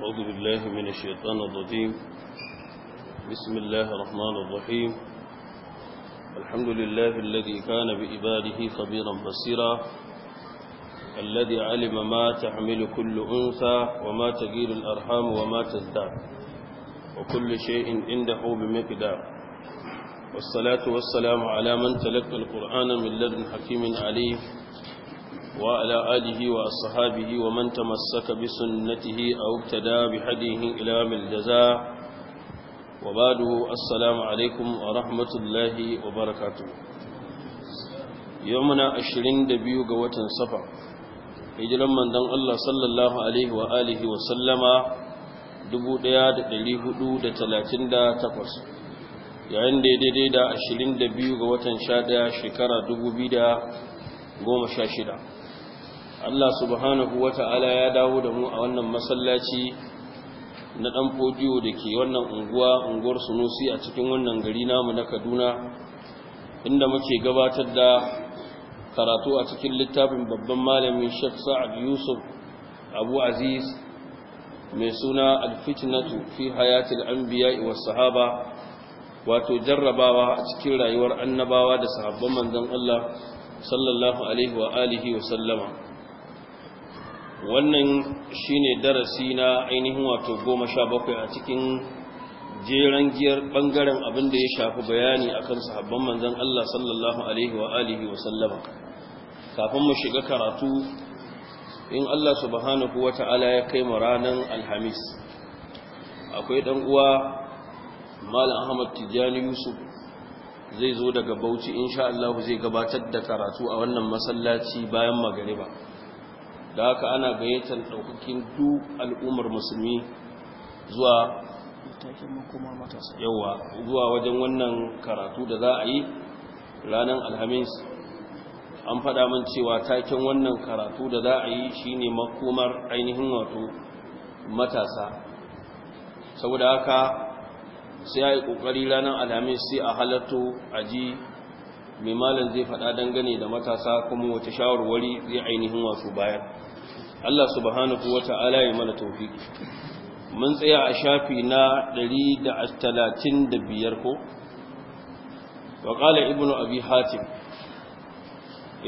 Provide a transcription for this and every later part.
أعوذ بالله من الشيطان الرجيم بسم الله الرحمن الرحيم الحمد لله الذي كان بإباده خبيرا بصيرا الذي علم ما تحمل كل أنثى وما تجيل الأرحام وما تزداد وكل شيء عنده بمقدار والصلاة والسلام على من تلقى القرآن من لدن حكيم عليم وعلى آله وأصحابه ومن تمسك بسنته أو ابتدى بحديه إلى من الجزاء وبعد السلام عليكم ورحمة الله وبركاته يومنا عشرين دبيو قوة صفا hijiran mandan Allah sallallahu alaihi wa alihi wa sallama 1438 yayin da daidai da 22 ga watan 11 shekara 2016 Allah subhanahu wa ta'ala ya dawo da mu a wannan masallaci na ɗan fodiyo da ke wannan unguwa unguwar sunusi a cikin wannan gari namu na kaduna inda muke gabatar da karatu a cikin littafin babban malamin shek sa'ad yusuf abu aziz mai suna alfitinatu fi hayatul anbiya wa sahaba wato jarrabawa a cikin rayuwar annabawa da sahabban manzon Allah sallallahu alaihi wa alihi wa sallama wannan shine darasi na ainihin wato goma sha bakwai a cikin jeren giyar bangaren abin da ya shafi bayani a kan sahabban manzan Allah sallallahu alaihi wa alihi wa kafin mu shiga karatu in Allah subhanahu wa ta'ala ya kai mu ranar alhamis akwai ɗan uwa malam Ahmad Tijjani Yusuf zai zo daga Bauchi inshaAllahu Allah zai gabatar da karatu a wannan masallaci bayan magariba da haka ana gayyatar ɗaukakin duk al'ummar musulmi zuwa yawa zuwa wajen wannan karatu da za a yi ranar alhamis an faɗa min cewa taken wannan karatu da za a yi shine makomar ainihin wato matasa saboda haka sai a yi ƙoƙari ranar alhamis sai a halatto a ji mai malam zai faɗa dangane da matasa kuma wata shawarwari zai ainihin wasu bayan Allah subhanahu wa ta'ala ya mana tawfiki mun tsaya a shafi na 135 ko wa qala ibnu abi hatim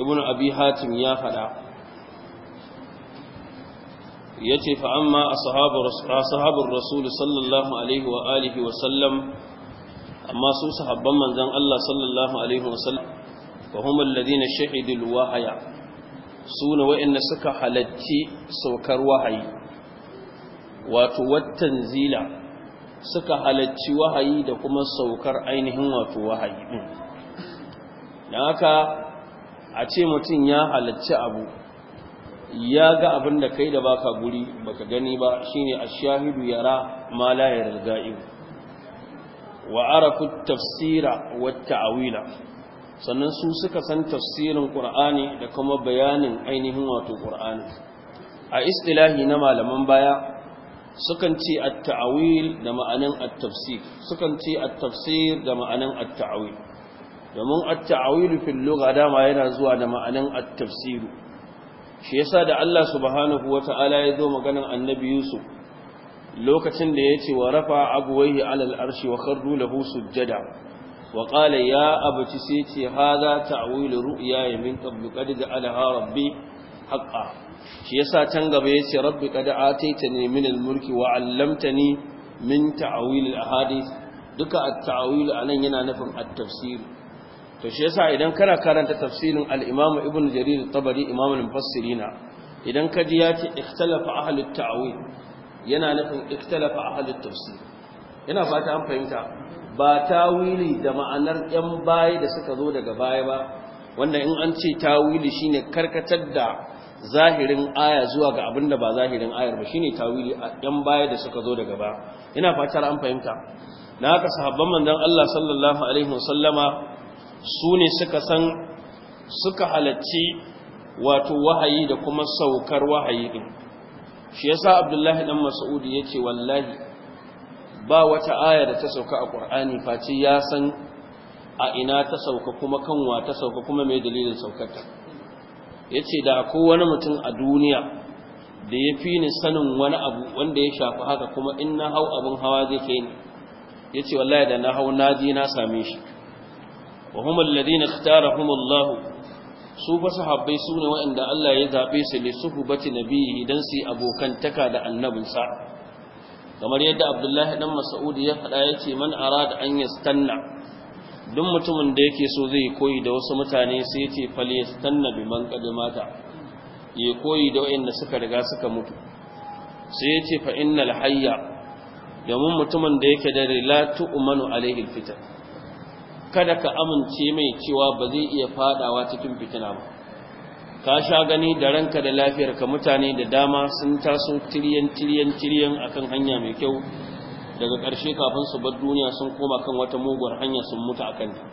ibnu abi hatim ya fada yace fa amma ashabu ashabur rasul sallallahu alaihi wa alihi wa sallam amma su sahabban manzon Allah sallallahu alaihi wa sallam fa hum alladhina shahidul wahya Suna ne wa'inda suka halatti saukar wahayi wato watan zila suka halacci wahayi da kuma saukar ainihin wato wahayi ɗin da haka a ce mutum ya halacci abu ya ga abin da kai da baka guri baka gani ba shine ashahidu yara ma layar yarga'ib wa ku tafsira wata awila sannan su suka san tafsirin ƙur'ani da kuma bayanin ainihin wato ƙur'ani a istilahi na malaman baya sukan ce at-ta'awil da ma'anin at-tafsir sukan ce at-tafsir da ma'anin at-ta'awil domin at-ta'awil fil lugha dama yana zuwa da ma'anin at-tafsir shi yasa da Allah subhanahu wata'ala ya zo maganan annabi Yusuf lokacin da ya ce wa rafa abuwaihi alal arshi wa kharru lahu sujjada وقال يا أبت سيتي هذا تعويل رؤياي من قبل قد جعلها ربي حقا شيسا تنقب ta ربي قد آتيتني من الملك وعلمتني من تعويل الأحاديث duka at-ta'awil anan yana nufin at-tafsir to shi yasa idan kana karanta tafsirin al-Imam Ibn Jarir tabari Imam al-Mufassirina idan ka ji ya ce ikhtalafa ahli at-ta'awil yana nufin ikhtalafa ahli at-tafsir ina fata an fahimta ba tawili da ma'anar yan baya da suka zo daga baya ba wanda in an ce tawili shine karkatar da zahirin aya zuwa ga abin da ba zahirin ayar ba shine tawili a yan baya da suka zo daga baya ina fatar an fahimta na haka sahabban manzon Allah sallallahu alaihi wasallama su ne suka san suka halacci wato wahayi da kuma saukar wahayi din shi yasa Abdullahi dan ya ce wallahi ba wata aya da ta sauka a ƙur'ani face ya san a ina ta sauka kuma kanwa ta sauka kuma mai dalilin saukata ya ce da ko wani mutum a duniya da ya fi ni sanin wani abu wanda ya shafi haka kuma in na hau abin hawa zai kai ni ya ce wallahi da na hau na je na same shi wa humar ladina tara humallahu su fa habbai su ne waɗanda Allah ya zaɓe su ne su suhubati nabi idan su yi abokantaka da annabinsa kamar yadda abdullahi dan mas'ud ya faɗa yace man arada an yastanna duk mutumin da yake so zai koyi da wasu mutane sai yace fal yastanna bi man qadimata ya koyi da wayanda suka riga suka mutu sai yace fa innal hayya domin mutumin da yake da la tu'manu alaihi fitan kada ka amince mai cewa ba zai iya fadawa cikin fitina ba ka sha gani da ranka da lafiyarka mutane da dama sun taso tiriyan tiriyan tiriyan akan hanya mai kyau daga ƙarshe kafin su bar duniya sun koma kan wata muguwar hanya sun mutu akan ta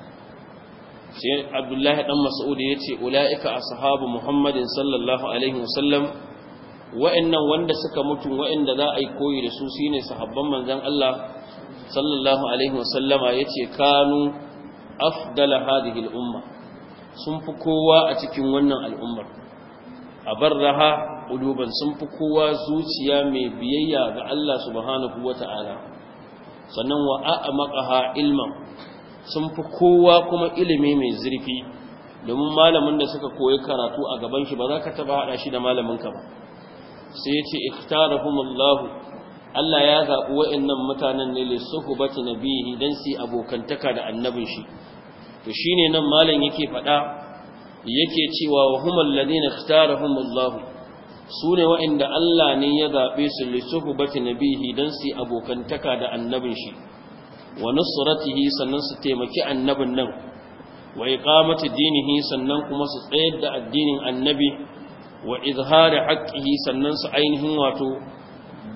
sai abdullahi dan mas'ud yace ulaika ashabu muhammadin sallallahu alaihi wasallam wa'annan wanda suka mutu wa'anda za a yi koyi da su shine sahabban manzon Allah sallallahu alaihi wasallama yace kanu afdal hadhihi al-umma sun fi kowa a cikin wannan al'ummar a barraha uluban sun fi kowa zuciya mai biyayya ga Allah subhanahu Ta'ala, sannan wa ha ilman sun fi kowa kuma ilimi mai zurfi domin malamin da suka koyi karatu a gaban shi ba za ka taba haɗa shi da malamin ka ba sai ya ce ikhtarahumullahu Allah ya zaɓi wa'annan mutanen ne li suhbati nabihi dan su abokantaka da annabin shi to shine nan malam yake faɗa yake cewa wa humal ladina ikhtarahumullah sune wa'inda Allah ne ya zabe su li suhbati nabihi dan su abokantaka da annabin shi wa nusratihi sannan su taimaki annabin nan wa iqamati dinihi sannan kuma su tsayar da addinin annabi wa izhari haqqihi sannan su ainihin wato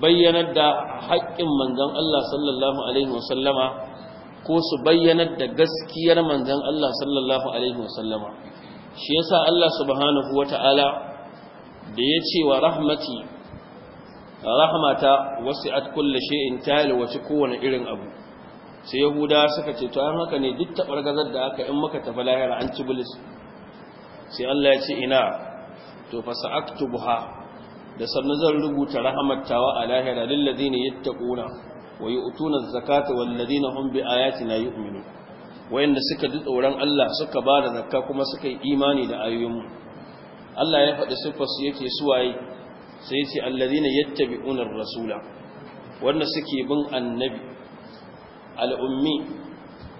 bayyanar da haƙƙin manzon Allah sallallahu alaihi wasallama ko su bayyanar da gaskiyar manzon Allah sallallahu alaihi wasallama shi yasa Allah subhanahu wata'ala da ya ce wa rahmati rahmata wasi'at kulli shay'in ta wace kowane irin abu sai yahuda suka ce to an haka ne duk gazar da aka in muka tafi lahira an ci bulis sai Allah ya ce ina to fa buha, da sannan zan rubuta rahmatawa a lahira ne ladina yattaquna wa yu'tuna az-zakata walladhina hum bi yi yu'minun wayanda suka ji tsoron Allah suka ba da zakka kuma suka yi imani da ayoyinmu Allah ya faɗi siffar su yake suwaye sai ya ce allazina yattabi'una ar-rasula wanda suke bin annabi al'ummi,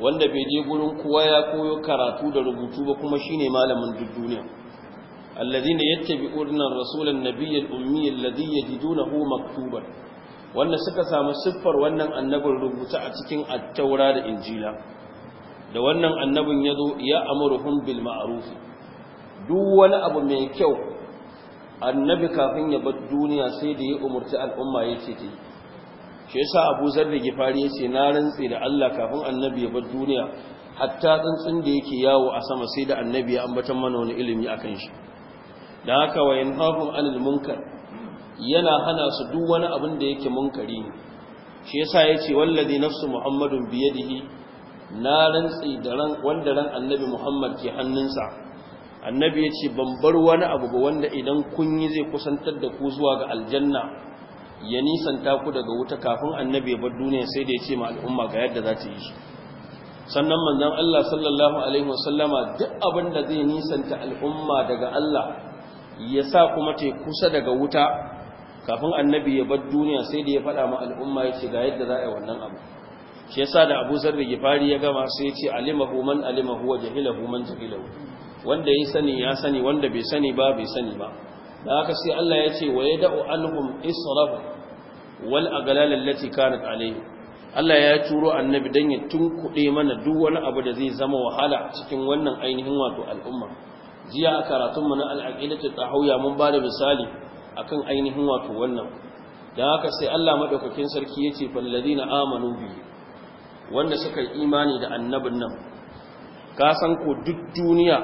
wanda bai je gurin kowa ya koyo karatu da rubutu ba kuma shine malamin duk duniya allazina yattabi'una ar-rasula an-nabiyya al-ummi alladhi yajidunahu maktuban wanda suka samu siffar wannan annabin rubuta a cikin attaura da injila da wannan annabin ya zo ya amurhum bil ma'ruf duk wani abu mai kyau annabi kafin ya bar duniya sai da ya umarci al'umma ya ta yi shi yasa Abu Zar da Gifari ce na rantsi da Allah kafin annabi ya bar duniya hatta tsuntsun da yake yawo a sama sai da annabi ya ambatan mana wani ilimi akan shi Da haka wayan yanhahum anil munkar yana hana su duk wani abin da yake munkari ne shi yasa yace wallazi nafsu muhammadun biyadihi na rantsi da ran wanda ran annabi muhammad ke hannunsa annabi yace ban bar wani abu ba wanda idan kun yi zai kusantar da ku zuwa ga aljanna ya nisanta ku daga wuta kafin annabi ya bar duniya sai da yace ma al'umma ga yadda za ta yi shi sannan manzon Allah sallallahu alaihi wasallama duk abin da zai nisanta al'umma daga Allah ya sa kuma ta kusa daga wuta kafin annabi ya bar duniya sai da ya faɗa ma al'umma ya ce ga yadda za a yi wannan abu shi yasa da Abu Zar Gifari ya gama sai ya ce alimahu man alimahu wa jahilahu man jahilahu wanda ya sani ya sani wanda bai sani ba bai sani ba da haka sai Allah ya ce wa yad'u anhum israf wal aghlal allati kanat alayhi Allah ya turo annabi dan ya tunkuɗe mana duk wani abu da zai zama wahala cikin wannan ainihin wato al'umma jiya a karatunmu na al'aqidatu tahawiyya mun ba da misali akan ainihin wato wannan dan haka sai Allah madaukakin sarki yace fal ladina amanu bi wanda suka yi imani da annabin nan ka san ko duk duniya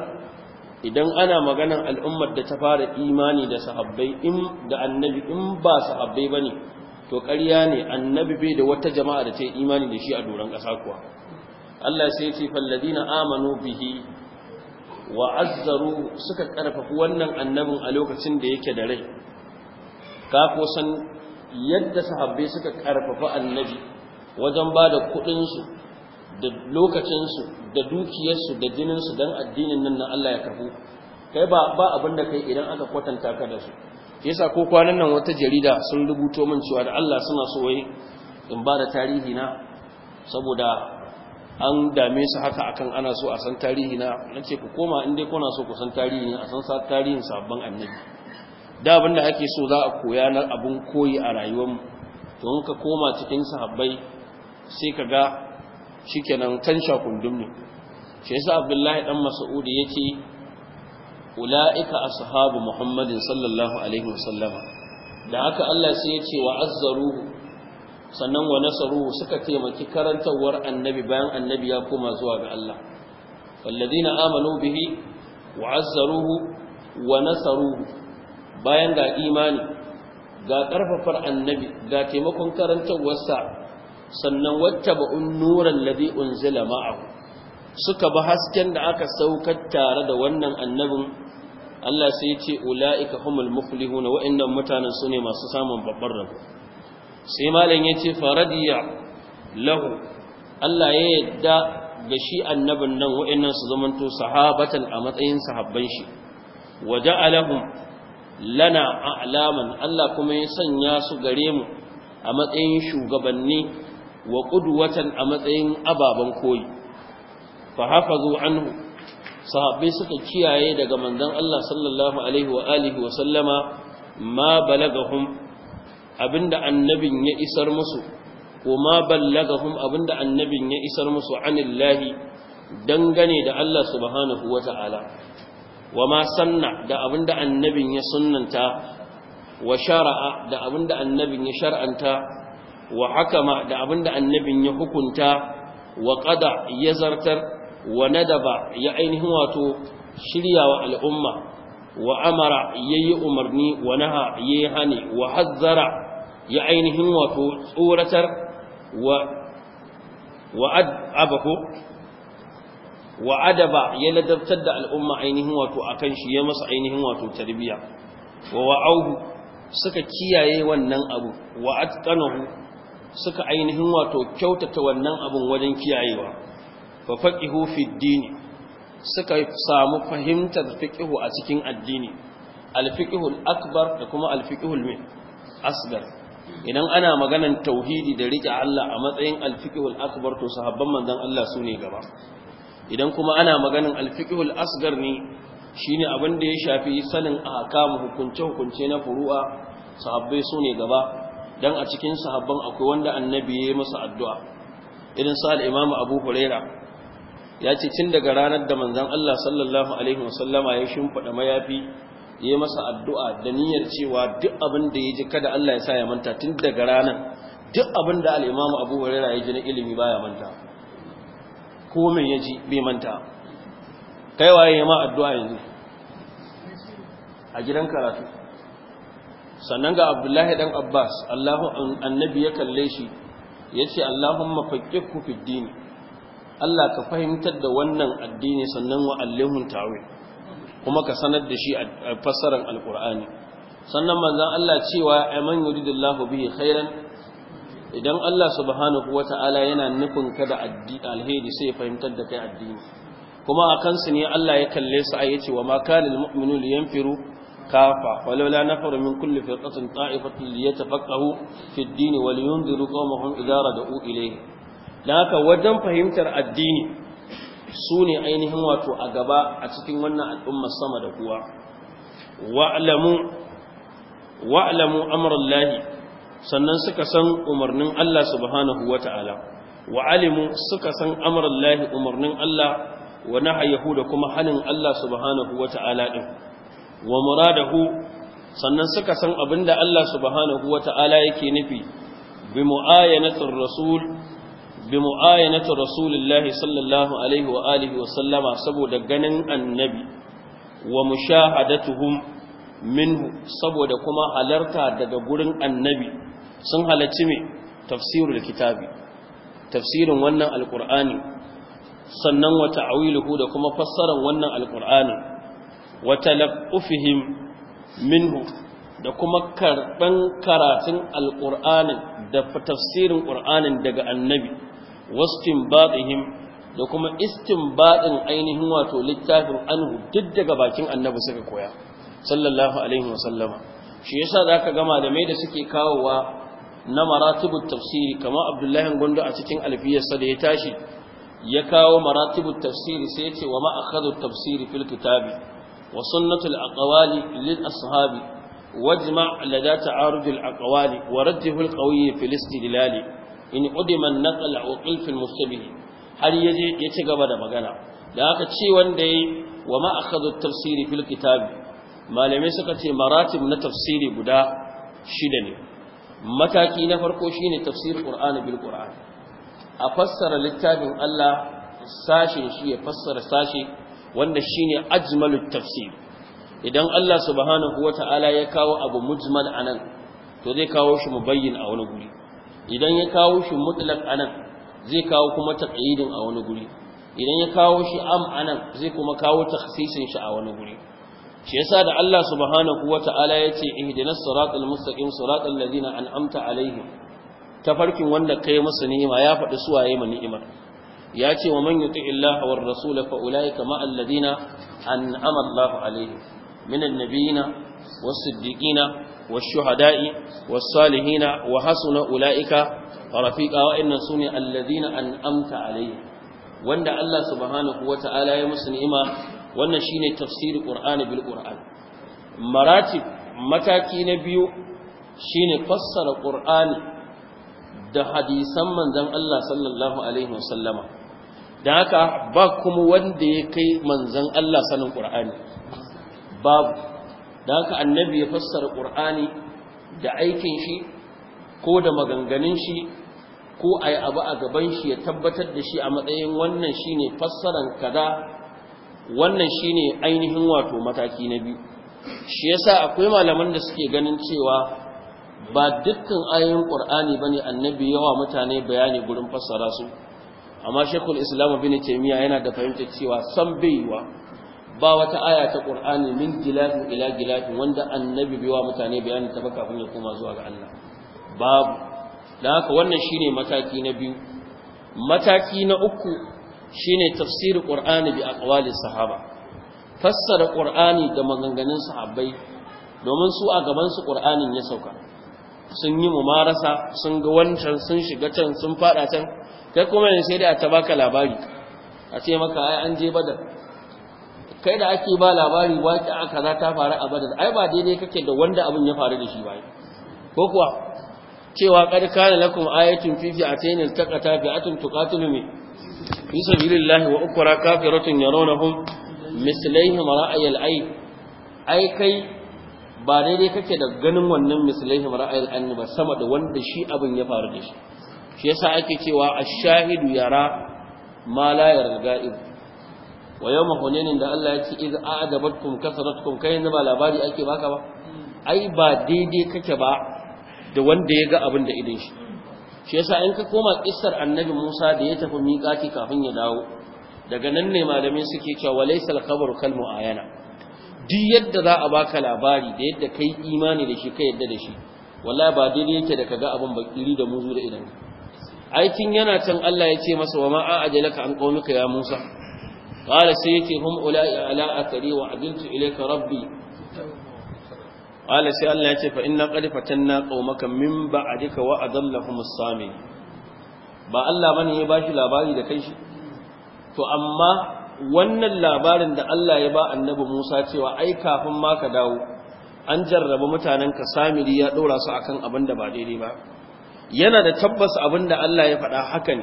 idan ana maganar al'ummar da ta fara imani da sahabbai in da annabi in ba sahabbai bane to ƙarya ne annabi bai da wata jama'a da ta yi imani da shi a doron ƙasa kuwa Allah sai ya ce fal amanu bihi wa azzaru suka karfafi wannan annabin a lokacin da yake da rai ka ko san yadda sahabbai suka karfafa annabi wajen ba da kuɗinsu da lokacinsu da dukiyarsu da jininsu don addinin nan na Allah ya karbo kai ba ba abin da kai idan aka kwatanta ka da su yasa ko kwanan nan wata jarida sun rubuto min cewa da Allah suna so wai in ba da tarihi na saboda an dame su haka akan ana so a san tarihi na nace ku koma in dai kuna so ku san tarihi a san sa tarihin sabban annabi da abin da ake so za a koya na abin koyi a rayuwarmu don ka koma cikin sahabbai sai ka ga shikenan kan shakundum ne shi yasa abdullahi dan mas'ud yace ulaika ashabu muhammadin sallallahu alaihi wasallam da haka Allah sai yace wa azzaruhu sannan wa nasaruhu suka taimaki karantawar annabi bayan annabi ya koma zuwa ga Allah walladina amanu bihi wa azzaruhu wa nasaruhu bayan ga imani ga ƙarfafar annabi ga taimakon karantarwarsa sannan wacce ba'un nuran ladhi unzila ma'ahu suka ba hasken da aka saukar tare da wannan annabin Allah sai ya ce ula'ika humul na wa'annan mutanen su ne masu samun babbar rabo sai malam ya ce faradiya lahu Allah ya yadda ga shi annabin nan wa'annan su zamanto sahabatan a matsayin sahabban shi wa ja'alahum lana a'laman Allah kuma ya sanya su gare mu a matsayin shugabanni wa qudwatan a matsayin ababen koyi fa hafazu anhu sahabbai suka kiyaye daga manzon Allah sallallahu alaihi wa alihi wa sallama ma balagahum abinda annabin ya isar musu ko ma ballagahum abinda annabin ya isar musu anillahi dangane da Allah subhanahu wata'ala wa ma sanna da annabin ya sunnanta wa shara'a da abinda annabin ya shar'anta wa hakama da abinda annabin ya hukunta wa ƙada ya zartar wa nadaba ya ainihin wato shiryawa al'umma wa amara yayi umarni wa naha yayi hani wa hazzara ya ainihin wato tsoratar wa wa wa adaba ya ladabtar da al'umma ainihin wato akan shi ya masa ainihin wato tarbiya wa wa'auhu suka kiyaye wannan abu wa atqanahu suka ainihin wato kyautata wannan abun wajen kiyayewa fa faqihu fi dini suka samu fahimtar fiƙihu a cikin addini al-fiqhu akbar da kuma al-fiqhu asgar idan ana maganan tauhidi da rike Allah a matsayin al-fiqhu akbar to sahabban manzon Allah ne gaba idan kuma ana maganin alfiqhul asgar ne shine abin da ya shafi sanin ahkamu hukunce hukunce na furu'a sahabbai su ne gaba dan a cikin sahabban akwai wanda annabi ya yi masa addu'a irin sa imamu Abu Huraira ya ce tun daga ranar da manzon Allah sallallahu alaihi wasallama ya shimfiɗa mayafi yi masa addu'a da niyyar cewa duk abin da ya ji kada Allah ya sa ya manta tun daga ranar duk abin da al'imamu abu huraira ya ji na ilimi baya manta ko mai yaji bai manta kai waye ma addu'a yanzu a gidan karatu sannan ga abdullahi dan abbas allahu annabi ya kalle shi yace ce allahumma faqihu fid din Allah ka fahimtar da wannan addini sannan wa allahun kuma ka sanar da shi a fassarar alqur'ani sannan manzon Allah cewa ayman yuridullahu bihi khairan idan Allah subhanahu wata'ala yana nufin ka da alheri sai ya fahimtar da kai addini kuma a kansu ne Allah ya kalle su a yace wa ma muminu lil mu'minuna yanfiru kafa walaula nafaru min kulli firqatin ta'ifatin liyatafaqahu fi ad-din wa liyunziru qawmahum idza rada'u ilayhi dan wajen fahimtar addini su ne ainihin wato a gaba a cikin wannan al'ummar sama da kuwa wa'lamu wa'lamu amrullahi sannan suka san umarnin Allah subhanahu wa ta'ala wa alimu suka san amurin lahi umarnin Allah wa nahayahu da kuma hannun Allah subhanahu wa ta'ala ɗin wa muradahu sannan suka san abin da Allah subhanahu wa ta'ala yake nufi bi mu'ayanatin rasul bi mu'ayanatin rasulillahi sallallahu alaihi wa alihi wa sallama saboda ganin annabi wa mushahadatuhum minhu saboda kuma halarta daga gurin annabi sun halarci mai tafsirul kitabi tafsirin wannan alkur'ani sannan wata awiluhu da kuma fassarar wannan alkur'ani wata talaqqufihim minhu da kuma karban karatun alkur'anin da tafsirin ƙur'anin daga annabi wasu baɗihim da kuma baɗin ainihin wato littafin anhu duk daga bakin annabi suka koya sallallahu alaihi wasallama shi yasa gama da mai da suke kawowa na maratibut tafsiri kamar abdullahi gondo a cikin alfiyarsa da ya tashi ya kawo maratibut tafsiri sai ya ce wa ma'akhadut tafsiri fil kitabi wa sunnatul aqwali lil ashabi wajma' lada ta'arudul aqwali wa rajjihul qawiy fil istidlal in udima an-naql wa qilf al-mustabih har yaje ya ci gaba da magana da haka ce wanda yayi wa ma'akhadut tafsiri fil kitabi malamai suka ce maratib na tafsiri guda shida ne mataki na farko shine tafsir qur'ani bil qur'ani a fassara littafin Allah sashin shi ya fassara sashi wanda shine ajmalut tafsir idan Allah subhanahu wata'ala ya kawo abu mujmal anan to zai kawo shi mubayyin a wani guri idan ya kawo shi mutlaq anan zai kawo kuma taqyidin a wani guri idan ya kawo shi am anan zai kuma kawo takhsisin shi a wani guri shi yasa da Allah subhanahu wata'ala yace ihdinas siratal mustaqim siratal ladina an'amta alaihim tafarkin wanda kai musu ni'ima ya faɗi suwaye mu ni'ima yace wa man yuti illaha war rasul fa ulaika ma alladina an'ama Allahu alaihim min annabiyina was siddiqina was shuhada'i was salihina wa hasuna ulaika rafiqa wa inna sunni alladina an'amta alaihim wanda Allah subhanahu wata'ala ya musu ni'ima wannan shine tafsiri qur'ani bil qur'an maratib mataki na biyu shine fassara qur'ani da hadisan manzon Allah sallallahu alaihi wasallama dan haka ba kuma wanda ya kai manzon Allah sanin qur'ani babu dan haka annabi ya fassara qur'ani da aikin shi ko da maganganun shi ko ai abu a gaban shi ya tabbatar da shi a matsayin wannan shine fassaran kaza wannan shine ainihin wato mataki na biyu shi yasa akwai malaman da suke ganin cewa ba dukkan ayoyin qur'ani bane annabi yawa mutane bayani gurin fassara su amma shekul islam bin taymiya yana da fahimtar cewa san baiwa ba wata aya ta qur'ani min gilafin ila gilafin wanda annabi biwa mutane bayani ta baka kafin ya koma zuwa ga Allah babu dan haka wannan shine mataki na biyu mataki na uku shine tafsirin qur'ani bi aqwalis sahaba fassara qur'ani da maganganun sahabai domin su a gaban su qur'anin ya sauka sun yi mumarasa sun ga wancan sun shiga can sun fada can kai kuma ne sai dai a tabaka labari a ce maka ai an je badar kai da ake ba labari waki aka za ta faru a badar ai ba daidai kake da wanda abin ya faru da shi ba ko kuwa cewa kad kana lakum ayatun fi fi'atayn taqata bi'atun tuqatilu fi sabilillahi wa ukra kafiratun yaronahum mislaihim ra'ayal ayn ai kai ba daidai kake da ganin wannan mislaihim ra'ayal ayn ba sama da wanda shi abin ya faru da shi shi yasa ake cewa a shahidu yara ma la yarga'ib wa yawma hunainin da Allah ya ce iz a'adabatkum kasratkum kai ne ba labari ake baka ba ai ba daidai kake ba da wanda ya ga abin da idan shi shi yasa in ka koma kissar annabi Musa da ya tafi miƙati kafin ya dawo daga nan ne malamai suke cewa walaysal qabru kal muayana duk yadda za a baka labari da yadda kai imani da shi ka yadda da shi wallahi ba daidai yake da kaga abin bakiri da muzu da idan aikin yana can Allah ya ce masa wa ma ajalaka an qaumika ya Musa qala sayyati hum ulai ala athari wa adiltu ilayka rabbi Allah sai Allah ya ce fa inna qad fatanna qaumaka min ba'dika wa adallahum as-sami ba Allah bane ya bashi labari da kanshi to amma wannan labarin da Allah ya ba annabi Musa cewa ai kafin ma ka dawo an jarraba mutanen ka samiri ya dora su akan abin da ba daidai ba yana da tabbas abin da Allah ya faɗa haka ne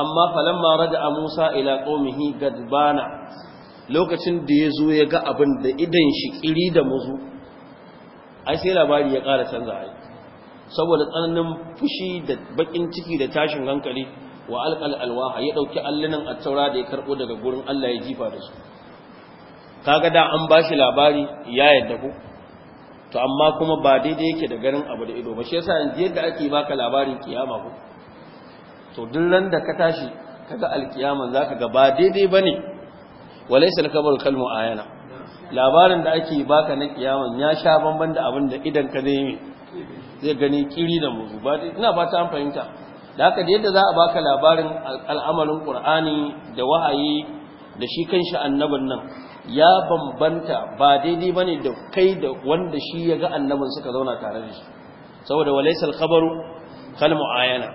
amma falamma rada'a Musa ila qaumihi gadbana lokacin da ya zo ya ga abin da idan shi kiri da muzu ai sai labari ya ƙara canza ai saboda tsananin fushi da bakin ciki da tashin hankali wa alƙal alwaha ya ɗauki a taura da ya karɓo daga gurin Allah ya jifa da su kaga da an ba shi labari ya yadda ku to amma kuma ba daidai yake da garin abu da ido ba shi yasa yanzu yadda ake baka labarin kiyama ku to duk nan da ka tashi kaga alkiyama zaka ga ba daidai bane walaysa al kalmu a yana. labarin da ake baka na kiyaman ya sha bamban da abin da idan ka zai zai gani kiri da muzu ba ina ba ta fahimta da haka da yadda za a baka labarin al'amarin qur'ani da wahaye da shi kanshi annabin nan ya bambanta ba daidai bane da kai da wanda shi ya ga annabin suka zauna tare da shi saboda walaysal khabaru kal muayana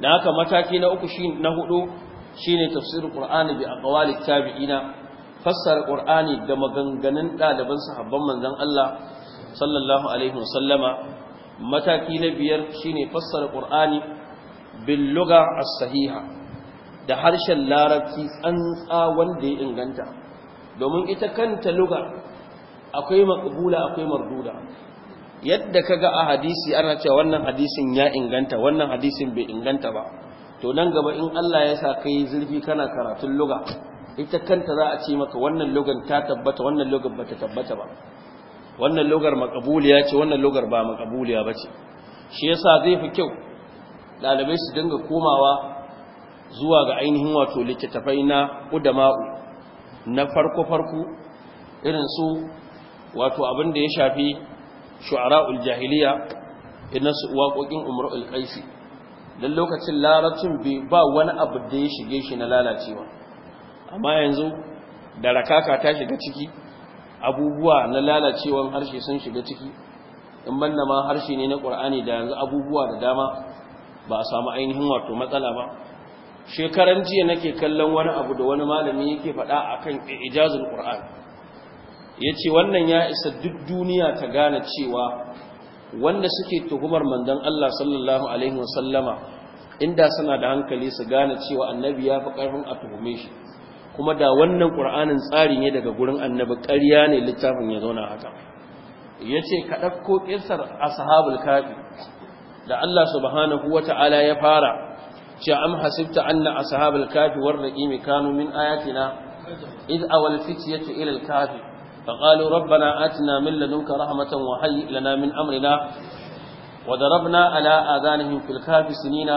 da haka mataki na uku shi na hudu shine tafsirul qur'ani bi aqwalit tabi'ina fassara ƙur'ani da maganganun ɗaliban sahabban manzon Allah sallallahu alaihi wasallama mataki na biyar shine fassara ƙur'ani bil lugha as-sahiha da harshen larabci tsantsa wanda ya inganta domin ita kanta lugha akwai maqbula akwai marduda yadda kaga a hadisi ana cewa wannan hadisin ya inganta wannan hadisin bai inganta ba to nan gaba in Allah ya sa kai zurfi kana karatun luga. ita kanta za a ce maka wannan logar ta tabbata wannan logar ba ta tabbata ba wannan logar makabuliya ce wannan logar ba makabuliya ba ce shi ya sa zai fi kyau ɗalibai su dinga komawa zuwa ga ainihin wato littattafai na udama'u na farko-farko irin su wato abin da ya shafi shu'ara'ul jahiliya ina su waƙoƙin umarul qaisi don lokacin larabcin ba wani abu da ya shige shi na lalacewa amma yanzu da rakaka ta shiga ciki abubuwa na lalacewan harshe sun shiga ciki in banda ma harshe ne na ƙwar'ani da yanzu abubuwa da dama ba a samu ainihin wato matsala ba shekaran jiya nake kallon wani abu da wani malami yake faɗa a ijazin ijazul ya ce wannan ya isa duk duniya ta gane cewa wanda suke tuhumar mandan Allah sallallahu alaihi wasallama inda suna da hankali su gane cewa annabi ya fi ƙarfin a tuhume shi kuma da wannan ƙur'anin tsari ne daga gurin annabi ƙarya ne littafin ya zauna haka ya ce ka ɗauko ƙirsar ashabul kafi da Allah subhanahu wa ta'ala ya fara ce am hasibta anna ashabul kafi warra ƙimi kanu min ayatina id awal fityatu ila al kafi فقالوا ربنا آتنا من لدنك رحمة وهيئ لنا من أمرنا وضربنا على آذانهم في الكهف سنين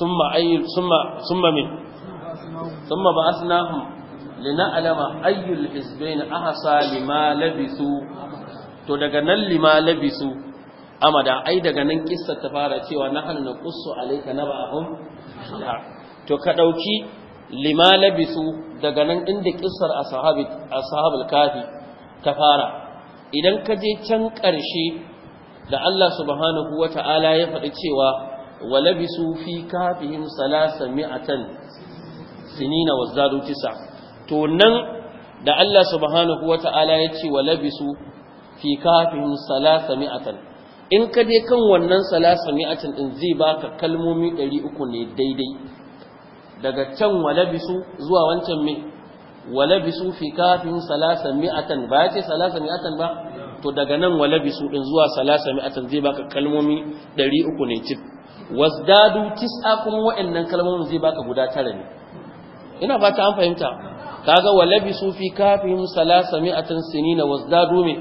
ثم أي ثم ثم من ثم بعثناهم لنعلم أي الحزبين أحصى لما لبثوا to daga nan lima labisu amada ai daga nan kissar ta fara cewa nahnu naqussu alayka naba'ahum to ka dauki lima labisu daga nan inda kissar ashabi ashabul kafi ta fara idan ka je can ƙarshe da Allah subhanahu wata'ala ya faɗi cewa walabisu fi kafihim salasami'atan sinina wa zadu tisa to nan da Allah subhanahu Ta'ala ya ce wa labisu fi kafin salasa mi'atan in ka je kan wannan salasa mi'atan din zai baka kalmomi 300 ne daidai daga can wa labisu zuwa wancan me wa labisu fi kafin salasa mi'atan ba ya ce salasa mi'atan ba to daga nan wa labisu din zuwa salasa mi'atan zai baka kalmomi 300 ne cif wasdadu tis'a kuma wa'annan kalmomin zai baka guda tara ne ina fata an fahimta kaga Walafi sufi kafihim salasami'atin sinina wazdadu me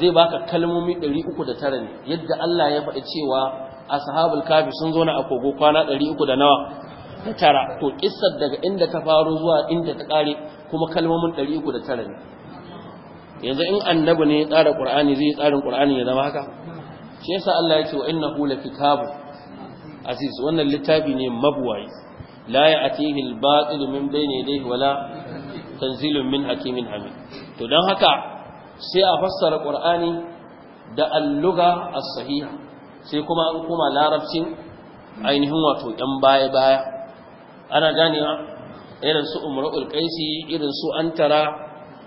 zai baka kalmomi 309 ne yadda Allah ya faɗi cewa ashabul kafi sun zo na akogo kwana 300 da nawa da tara to kissar daga inda ta faru zuwa inda ta kare kuma kalmomin 309 ne yanzu in annabi ne ya tsara qur'ani zai tsarin qur'ani ya zama haka shi yasa Allah ya ce wa innahu lakitabun aziz wannan littafi ne mabuwayi la a al-batil min bayni yadayhi wala tanzilun min hakimin to dan haka sai a fassara qur'ani da al-lugha as-sahiha sai kuma an koma larabcin ainihin wato 'yan baya baya ana ganewa irin su umrul qaisi irin su antara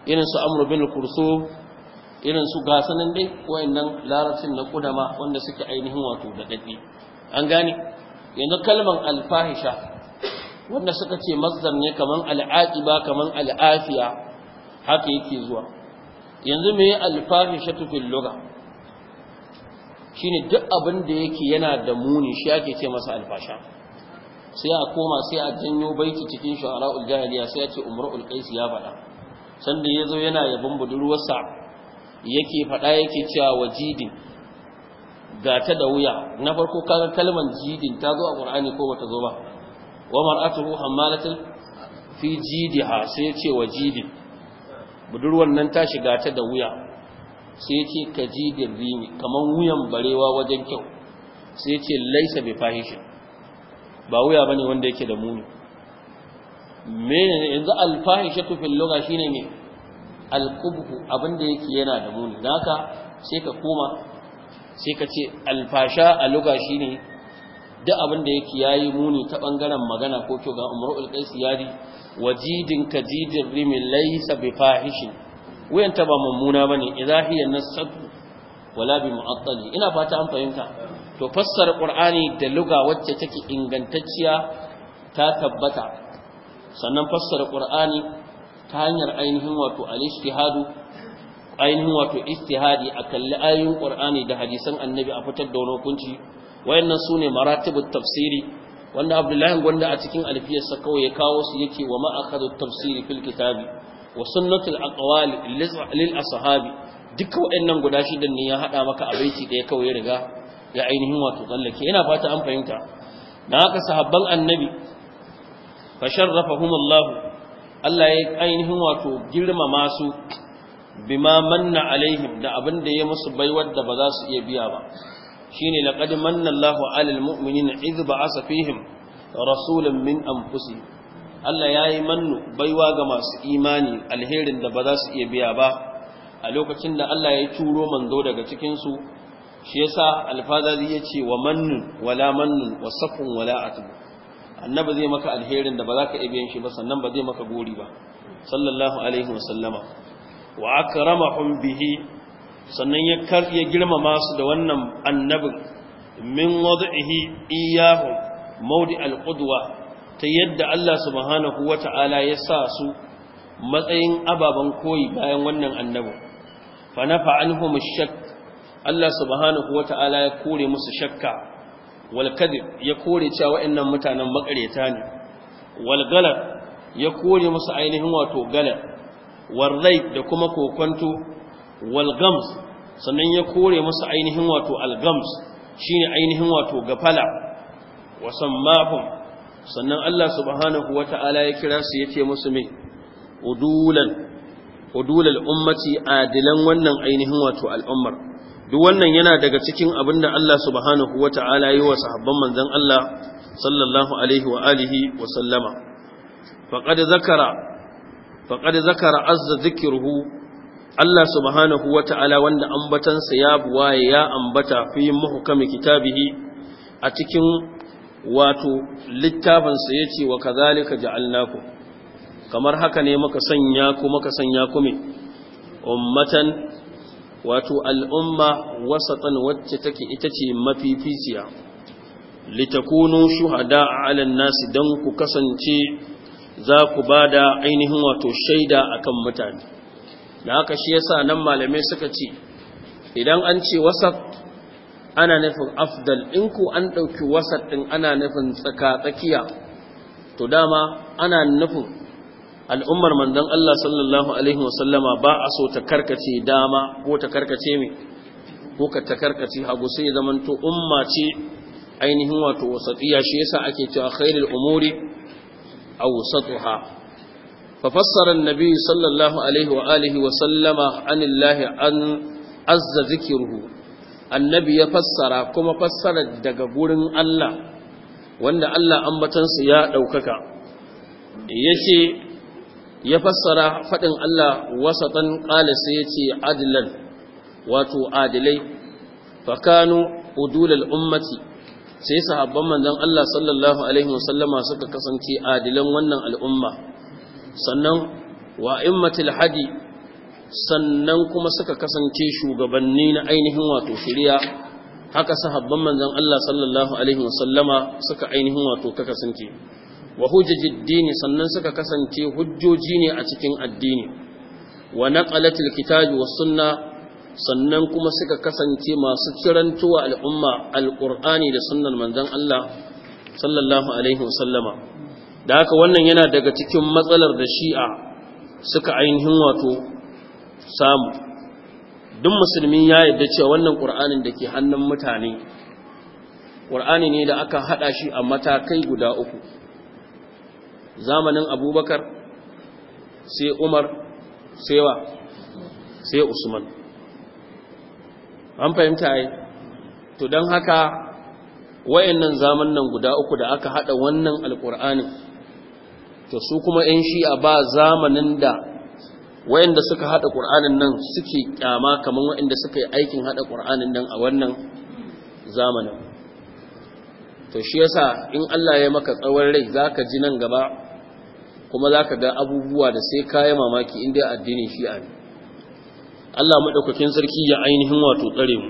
irin su amr bin kursu irin su gasanan dai wayannan larabcin na kudama wanda suke ainihin wato da dadi an gane yanzu kalmar al-fahisha wanda suka ce mazdar ne kaman al'aqiba kaman al'afiya haka yake zuwa yanzu me al-fahishatu fil lugha shine duk abin da yake yana da muni shi ake ce masa alfasha sai a koma sai a janyo baiti cikin shu'ara'ul jahiliya sai a ce umrul qais ya faɗa sanda yazo yana yabon budurwarsa yake faɗa yake cewa wajidin gata da wuya na farko kaga kalman jidin ta zo a qur'ani ko bata zo ba wa mar'atuhu hammalatin fi jidiha sai ya ce wa jidin budurwan nan ta shiga ta da wuya sai ya ce ka jidin rini kaman wuyan barewa wajen kyau sai ya ce laisa bi fahishin ba wuya bane wanda yake da muni menene yanzu alfahishatu fil lugha shine me alqubhu abinda yake yana da muni naka sai ka koma sai ka ce alfasha a lugha shine duk abin da yake yayi muni ta bangaren magana ko kyau ga umrul qais yadi wajidin kajidin rimin laysa bi fahishin ta ba mummuna bane izahiyan nasab wala bi mu'attali ina fata an fahimta to fassara qur'ani da luga wacce take ingantacciya ta tabbata sannan fassara qur'ani ta hanyar ainihin wato al-ijtihadu ainihin wato istihadi a kalli ayoyin Qur'ani da hadisan Annabi a fitar da wani hukunci wayannan sune ne maratibut tafsiri wanda abdullahi gwanda a cikin alfiyarsa kawai ya kawo su yake wa ma'akadu tafsiri fil kitabi wa sunnatul aqwal lil ashabi duk wayannan guda shidan ne ya hada maka a baiti da kawai ya riga ya ainihin wato tsallake ina fata an fahimta Na haka sahabban annabi fasharrafahum Allah Allah ya ainihin wato girmama su bima manna alaihim da abin da ya musu baiwar da ba za su iya biya ba shine laqad manna Allahu 'alal mu'minina idh ba'asa fihim rasulan min anfusihim Allah yayi mannu baiwa ga masu imani alherin da ba za su iya biya ba a lokacin da Allah ya turo manzo daga cikin su shi yasa alfazari yace wa mannun wala mannun wa safun wala atbu annabi zai maka alherin da ba za ka iya biyan shi ba sannan ba zai maka gori ba sallallahu alaihi wa sallama wa akramahum bihi sannan ya karya girmama su da wannan annabin min wad'ihi iyyahum mawdi al-qudwa ta yadda Allah subhanahu wata'ala ya sa su matsayin ababan koyi bayan wannan annabin fa nafa anhum ash-shakk Allah subhanahu wata'ala ya kore musu shakka wal kadhib ya kore cewa waɗannan mutanen makareta ne wal ya kore musu ainihin wato galal warrai da kuma kokonto walgams sannan ya kore musu ainihin wato algams shine ainihin wato gafala wasan mafin sannan Allah subhanahu wa ta'ala ya kira su yace musu mai udulan udulal ummati adilan wannan ainihin wato al'ummar duk wannan yana daga cikin abinda da Allah subhanahu wa ta'ala yi wa sahabban manzon Allah sallallahu alaihi wa alihi wa sallama faqad zakara faqad zakara azza dhikruhu Allah subhanahu wa ta'ala wanda ambatansa ya buwaye ya ambata fi muhukami kitabihi a cikin wato littafinsa ya ce wa kazalika ja'alnaku kamar haka ne maka sanya ku maka sanya ku mai, ummatan wato al'umma wasatan wacce take ita ce mafificiya litakunu shuhada a alan nasi don ku kasance za ku ba da ainihin wato shaida akan mutane da haka shi yasa nan malamai suka ce idan an ce wasat ana nufin afdal in ku an ɗauki wasat ɗin ana nufin tsaka-tsakiya to dama ana nufin al'ummar manzon Allah sallallahu alaihi wasallama ba a so ta karkace dama ko ta karkace mai ko ka ta karkace hagu sai zaman to umma ce ainihin wato wasatiya shi yasa ake cewa khairul umuri wasatuha ففسر النبي صلى الله عليه وآله وسلم عن الله أن عز ذكره النبي يفسر كما فسر الدقبور الله وأن الله أنبتن سياء أوكك يشي يفسر فتن الله وسطا قال سيتي عدلا واتو عادلي فكانوا أدول الأمة sai sahabban manzon Allah sallallahu alaihi wasallama suka kasance adilan wannan al'umma sannan wa immatul hadi sannan kuma suka kasance shugabanni na ainihin wato shari'a haka sahabban manzon Allah sallallahu alaihi wasallama suka ainihin wato ka kasance wa hujjajid dini sannan suka kasance hujjoji ne a cikin addini wa naqalatil kitabi was sunna sannan kuma suka kasance masu cirantuwa al'umma alqur'ani da sunnar manzon Allah sallallahu alaihi wasallama da haka wannan yana daga cikin matsalar da shi'a suka ainihin wato samu duk musulmi ya yadda cewa wannan ƙur'anin da ke hannun mutane ƙur'ani ne da aka haɗa shi a matakai guda uku zamanin abubakar sai umar sai wa sai usman an fahimta yi to don haka wayannan zaman zamanin guda uku da aka haɗa wannan alƙur'anin to su kuma yan shi'a ba zamanin da wayanda suka haɗa ƙur'anin nan suke kyama kamar wayanda suka yi aikin haɗa qur'anin nan a wannan zamanin to shi yasa in Allah ya maka tsawon rai za ka ji nan gaba kuma za ka ga abubuwa da sai kaya mamaki inda addinin shi'a ne Allah maɗaukakin sarki ya ainihin wato tsare mu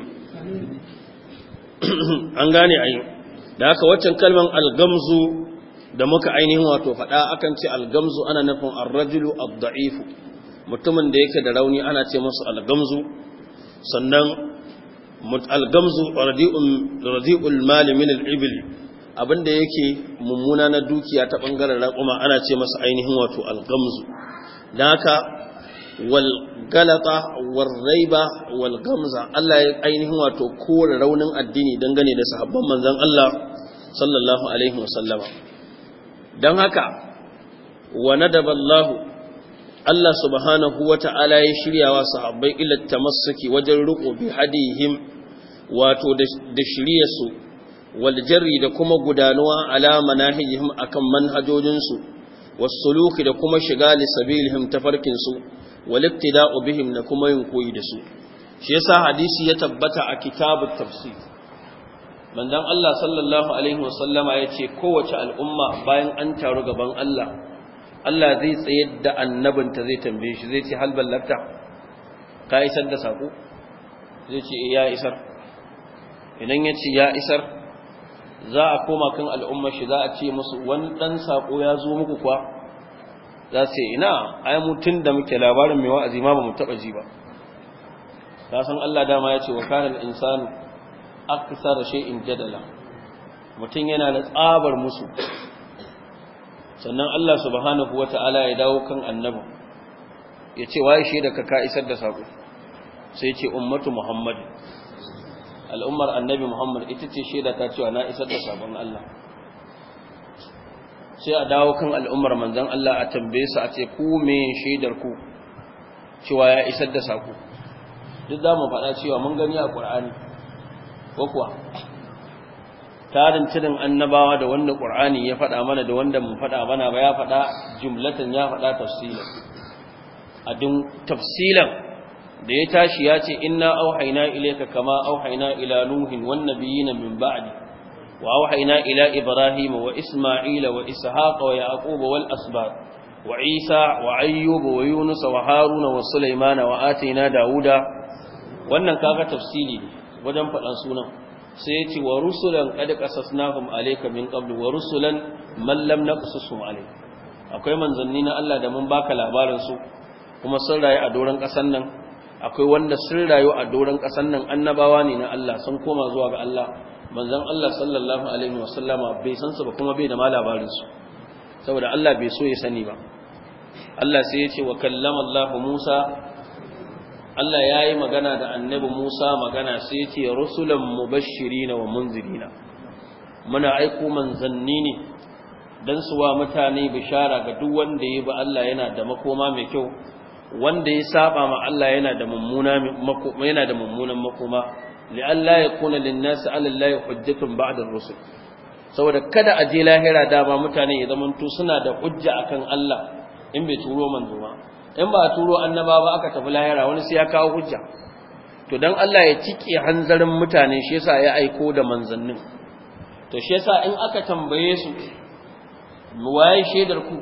an gane ainihin da haka waccan kalman algamzu da muka ainihin wato faɗa akan ce algamzu ana nufin arrajulu adda'ifu mutumin da yake da rauni ana ce masa algamzu sannan algamzu radi'ul mali min al-ibil abinda yake mummuna na dukiya ta bangaren raƙuma ana ce masa ainihin wato algamzu dan haka wal galata wal raiba wal gamza Allah ya ainihin wato kore raunin addini dangane da sahabban manzon Allah sallallahu alaihi wasallama don haka wa nadaballahu Allah subhanahu Ta'ala ya shirya wa sahabbai ilar tamassuki wajen riko bi hadihim wato da su, waljari da kuma gudanuwa alama na a kan manhajojinsu wasu luki da kuma shiga lisabilihim tafarkinsu walittida'u bihim da kuma yin koyi da su shi yasa hadisi ya tabbata a kitabun tafsir manzon Allah sallallahu alaihi wasallama yace kowace al'umma bayan an taru gaban Allah Allah zai tsayar da annabinta zai tambaye shi zai ce hal ballagta ka isar da sako zai ce eh, ya isar idan ya ya isar za a koma kan al'ummar shi za a ce musu wani dan sako ya zo muku kwa za su ina ai mutun da muke labarin mai wa'azi ma ba mu taba ji ba ka san Allah dama ya ce wa kana al-insanu aksara shay'in jadala mutum yana da tsabar musu sannan Allah subhanahu wata'ala ya dawo kan annabi ya ce waye da ka ka isar da sako sai ce ummatu muhammad al'ummar annabi muhammad ita ce shaida ta cewa na isar da sabon Allah sai a dawo kan al'ummar manzon Allah a tambaye su a ce ku me shaidar ku cewa ya isar da sako duk za mu faɗa cewa mun gani a ƙur'ani ko kuwa tarin cirin annabawa da wanda qur'ani ya faɗa mana da wanda mun faɗa mana ba ya faɗa jumlatan ya faɗa A adin tafsilan da ya tashi ya ce inna auhayna ilayka kama auhaina ila nuhin wan nabiyina min ba'di wa auhaina ila ibrahima wa isma'ila wa ishaqa wa yaquba wal asbat wa isa wa ayyuba wa yunus wa haruna wa sulaymana wa atina dauda wannan kaga tafsili ne wajen faɗan sunan sai ya ce wa rusulan qad hum alayka min qablu wa rusulan man lam naqsusum alayka akwai manzanni na Allah da mun baka labarin su kuma sun rayu a doron ƙasan nan akwai wanda sun rayu a doron ƙasan nan annabawa ne na Allah sun koma zuwa ga Allah manzan Allah sallallahu alaihi wa sallama bai san su ba kuma bai da ma labarin su saboda Allah bai so ya sani ba Allah sai ya ce wa kallama Allah Musa Allah ya yi magana da annabi Musa magana sai ce rusulan mubashirina wa munzirina muna aiko manzanni ne don su wa mutane bishara ga duk wanda ya bi Allah yana da makoma mai kyau wanda ya saba ma Allah yana da mummunan makoma alla yakuna lin nas 'ala Allahi hujjatun ba'da ar-rusul saboda kada a je lahira daba mutane ya zamantu suna da hujja akan Allah in bai turo manzo ba in ba a turo annaba ba aka tafi lahira wani sai ya kawo hujja to dan Allah ya cike hanzarin mutane shi yasa ya aiko da manzannin to shi yasa in aka tambaye su mu waye shedar ku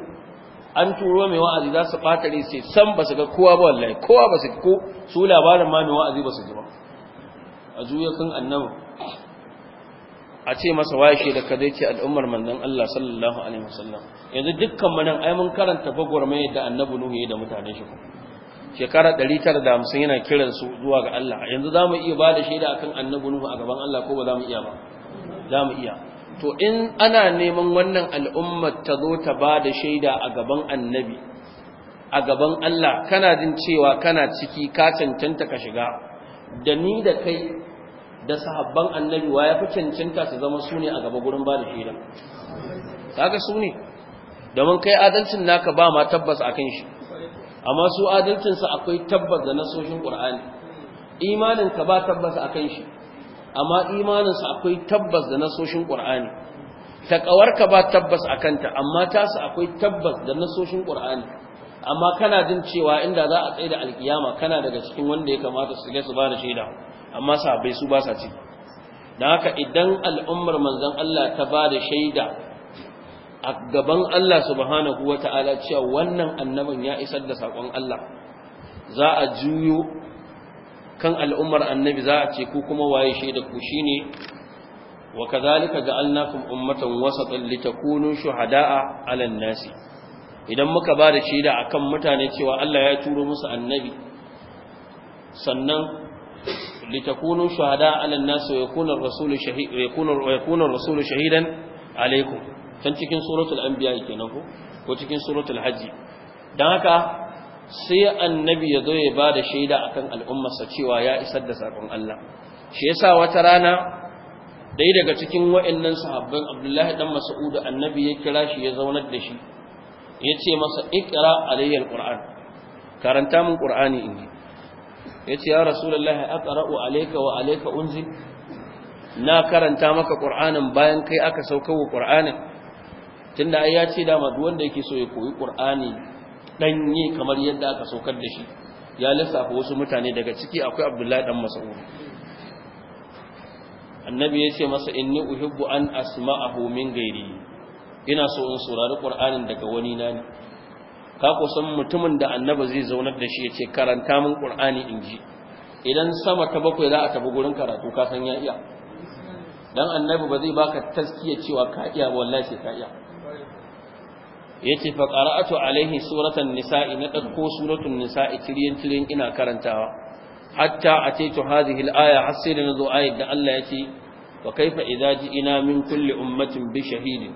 an turo mai wa'azi za su fatare sai san ba su ga kowa ba wallahi kowa ba su ko su labarin ma mai wa'azi ba su ji ba a juya kan annaba. a ce masa waye shi da ka zai ce al'ummar manzon Allah sallallahu alaihi wasallam yanzu dukkan mu nan ai mun karanta mai da annabi nuhu da mutanen shi shekara 950 yana kiran su zuwa ga Allah yanzu za mu iya ba da shaida akan annabi nuhu a gaban Allah ko ba za mu iya ba za mu iya to in ana neman wannan al'ummar ta zo ta ba da shaida a gaban annabi a gaban Allah kana jin cewa kana ciki ka cancanta ka shiga da ni da kai da sahabban annabi wa ya fi cancanta su zama su a gaba gurin ba da shaida kaga su ne domin kai adalcin naka ba ma tabbas a kan shi amma su adalcinsa akwai tabbas da nasoshin Imanin imaninka ba tabbas a kan shi amma imaninsa akwai tabbas da nasoshin ƙur'ani taƙawarka ba tabbas a kanta amma tasu akwai tabbas da nasoshin ƙur'ani amma kana jin cewa inda za a tsaye da alkiyama kana daga cikin wanda ya kamata su ga su ba da shaida amma sahabbai su ba sa Na haka idan al'ummar manzon Allah ta ba da shaida a gaban Allah subhanahu wata'ala cewa wannan annaban ya isar da sakon Allah za a juyo kan al'ummar annabi za a ce ku kuma waye shaida ku shine wa kadhalika ja'alnakum ummatan wasatan litakunu shuhada'a 'alan nasi idan muka ba da shaida akan mutane cewa Allah ya turo musu annabi sannan litakunu shuhada ala an wa yakuna ar-rasulu shahid yakuna wa yakuna shahidan alaikum Tan cikin suratul anbiya kenan ko ko cikin suratul hajj dan haka sai annabi ya zo ya bada shaida akan al'ummarsa cewa ya isar da sakon Allah shi yasa wata rana dai daga cikin wa'annan sahabban Abdullahi dan Mas'ud annabi ya kira shi ya zaunar da shi yace masa iqra alayya al-qur'an karanta min qur'ani inni yace ya rasulullahi aqra'u alayka wa alaika unzi na karanta maka qur'anin bayan kai aka sauka wa qur'anin tunda ai ya ce dama duk wanda yake so ya koyi qur'ani danye kamar yadda aka saukar da shi ya lissafa wasu mutane daga ciki akwai abdullahi dan mas'ud annabi ya ce masa inni uhibbu an asma'ahu homin gairi ina so in saurari qur'anin daga wani na ne ka ku mutumin da annabi zai zaunar da shi ya ce karanta min qur'ani in ji idan sama ta bakwai za a tafi gurin karatu ka san ya iya dan annabi ba zai baka taskiya cewa ka iya wallahi sai ka iya yace fa qara'atu alaihi suratan nisa'i na dauko suratun nisa'i tiriyan tiriyan ina karantawa hatta a ce al-aya na zo ayat da Allah yace wa kaifa idaji ina min kulli ummatin bi shahidin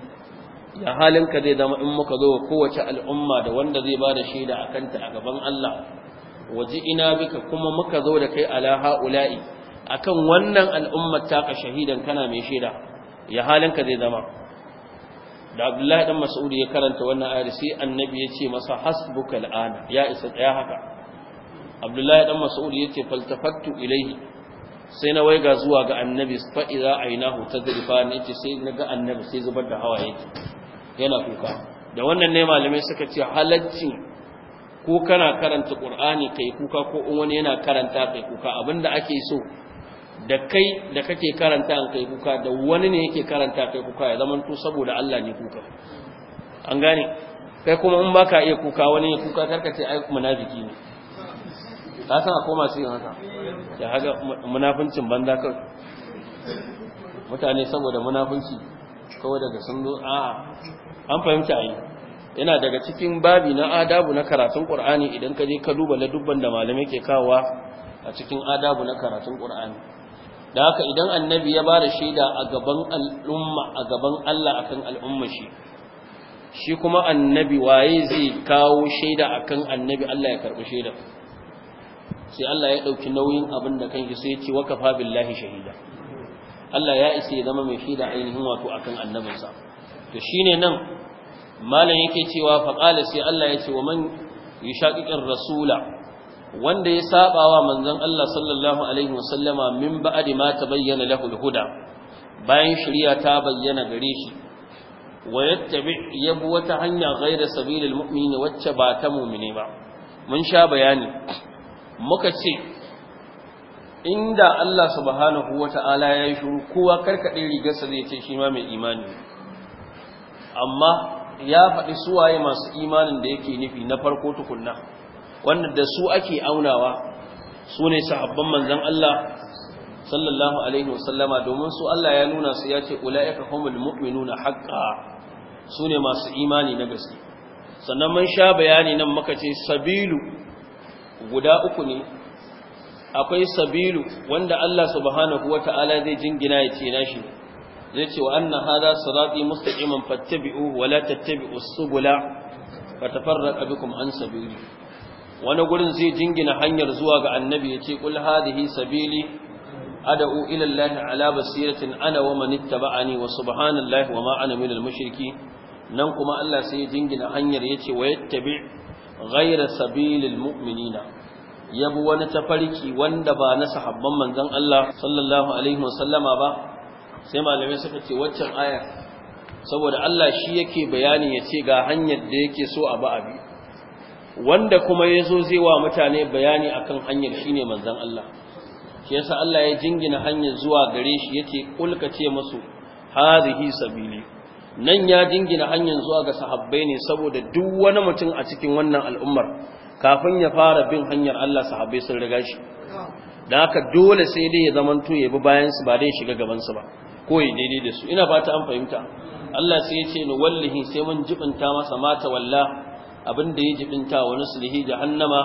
ya halinka zai zama in muka zo kowace al'umma da wanda zai ba da shaida a kanta a gaban Allah waje ina bika kuma muka zo da kai ala ha'ula'i akan wannan al'ummar ka shahidan kana mai shaida ya halinka zai zama da Abdullahi dan Mas'ud ya karanta wannan ayar sai annabi ya ce masa hasbuka al'ana ya isa tsaya haka Abdullahi dan Mas'ud ya ce faltafattu ilaihi sai na waiga zuwa ga annabi fa idza ainahu tadrifa ne ce sai na ga annabi sai zubar da hawaye yana kuka da wannan ne malamai suka ce halacci ko kana karanta qur'ani kai kuka ko wani yana karanta kai kuka abinda ake so da kai da kake karanta an kai kuka da wani ne yake karanta kai kuka ya zama to saboda Allah ne kuka an gane kai kuma in baka iya kuka wani ya kuka ce ai munafiki ne ka san a koma sai haka ya haka munafincin banza kai mutane saboda munafinci kawai daga sun zo a'a an fahimta yi yana daga cikin babi na adabu na karatun ƙur'ani idan ka je ka duba na dubban da malamai ke kawowa a cikin adabu na karatun qur'ani da haka idan annabi ya bada shaida a gaban al'umma a gaban Allah akan al'umma shi shi kuma annabi waye zai kawo shaida akan annabi Allah ya karbi shaida sai Allah ya ɗauki nauyin abin da kanki sai ya ce wakafa billahi shahida Allah ya isa ya zama mai shaida ainihin wato akan annabinsa to shine nan malam yake cewa fa qala sai Allah ya ce wa man yushaqiqir rasula wanda ya sabawa manzon Allah sallallahu alaihi wasallama min ba'di ma tabayyana lahu al-huda bayan shari'a ta bayyana gare shi wa yattabi yabu wata hanya ghayra sabilil mu'mini wacce ba ta mu'mini ba mun sha bayani muka ce inda Allah subhanahu wata'ala ya yi shuru kowa karkaɗe rigarsa zai ce shi ma mai imani amma ya faɗi suwaye masu imanin da yake nufi na farko tukunna wanda da su ake aunawa su ne sahabban manzan Allah sallallahu alaihi wasallama domin su Allah ya nuna su ya ce ula'ika humul mu'minuna haqqa su ne masu imani na gaske sannan mun sha bayani nan muka ce sabilu guda uku ne akwai sabilu wanda Allah subhanahu ta'ala zai jingina ya ce nashi zai ce wa anna hadha sirati mustaqiman fattabi'u wa ba ta subula fatafarraqa kuma an sabili wani gurin zai jingina hanyar zuwa ga annabi ya ce kul hadhihi sabili ad'u ila ala basiratin ana wa man ittaba'ani wa subhanallahi wa ma ana minal mushriki nan kuma Allah sai ya jingina hanyar yace wa yattabi' ghayra sabilil mu'minina ya bi wani tafarki wanda ba na sahabban manzon Allah sallallahu alaihi wasallama ba sai malamai suka ce waccan aya saboda Allah shi yake bayani ya ce ga hanyar da yake so a ba abi wanda kuma ya zo zai wa mutane bayani akan hanyar shine manzon Allah shi yasa Allah ya jingina hanyar zuwa gare shi yace kulka ce musu hadhihi sabili nan ya jingina hanyar zuwa ga sahabbai ne saboda duk wani mutum a cikin wannan al'ummar kafin ya fara bin hanyar Allah sahabbai sun riga shi da aka dole sai dai ya zaman to ya bi bayan su ba dai shiga gaban ba ko ya daidai da su ina fata an fahimta Allah sai ya ce ni wallahi sai mun jibinta masa mata walla abin da ya jibinta wa nasrihi jahannama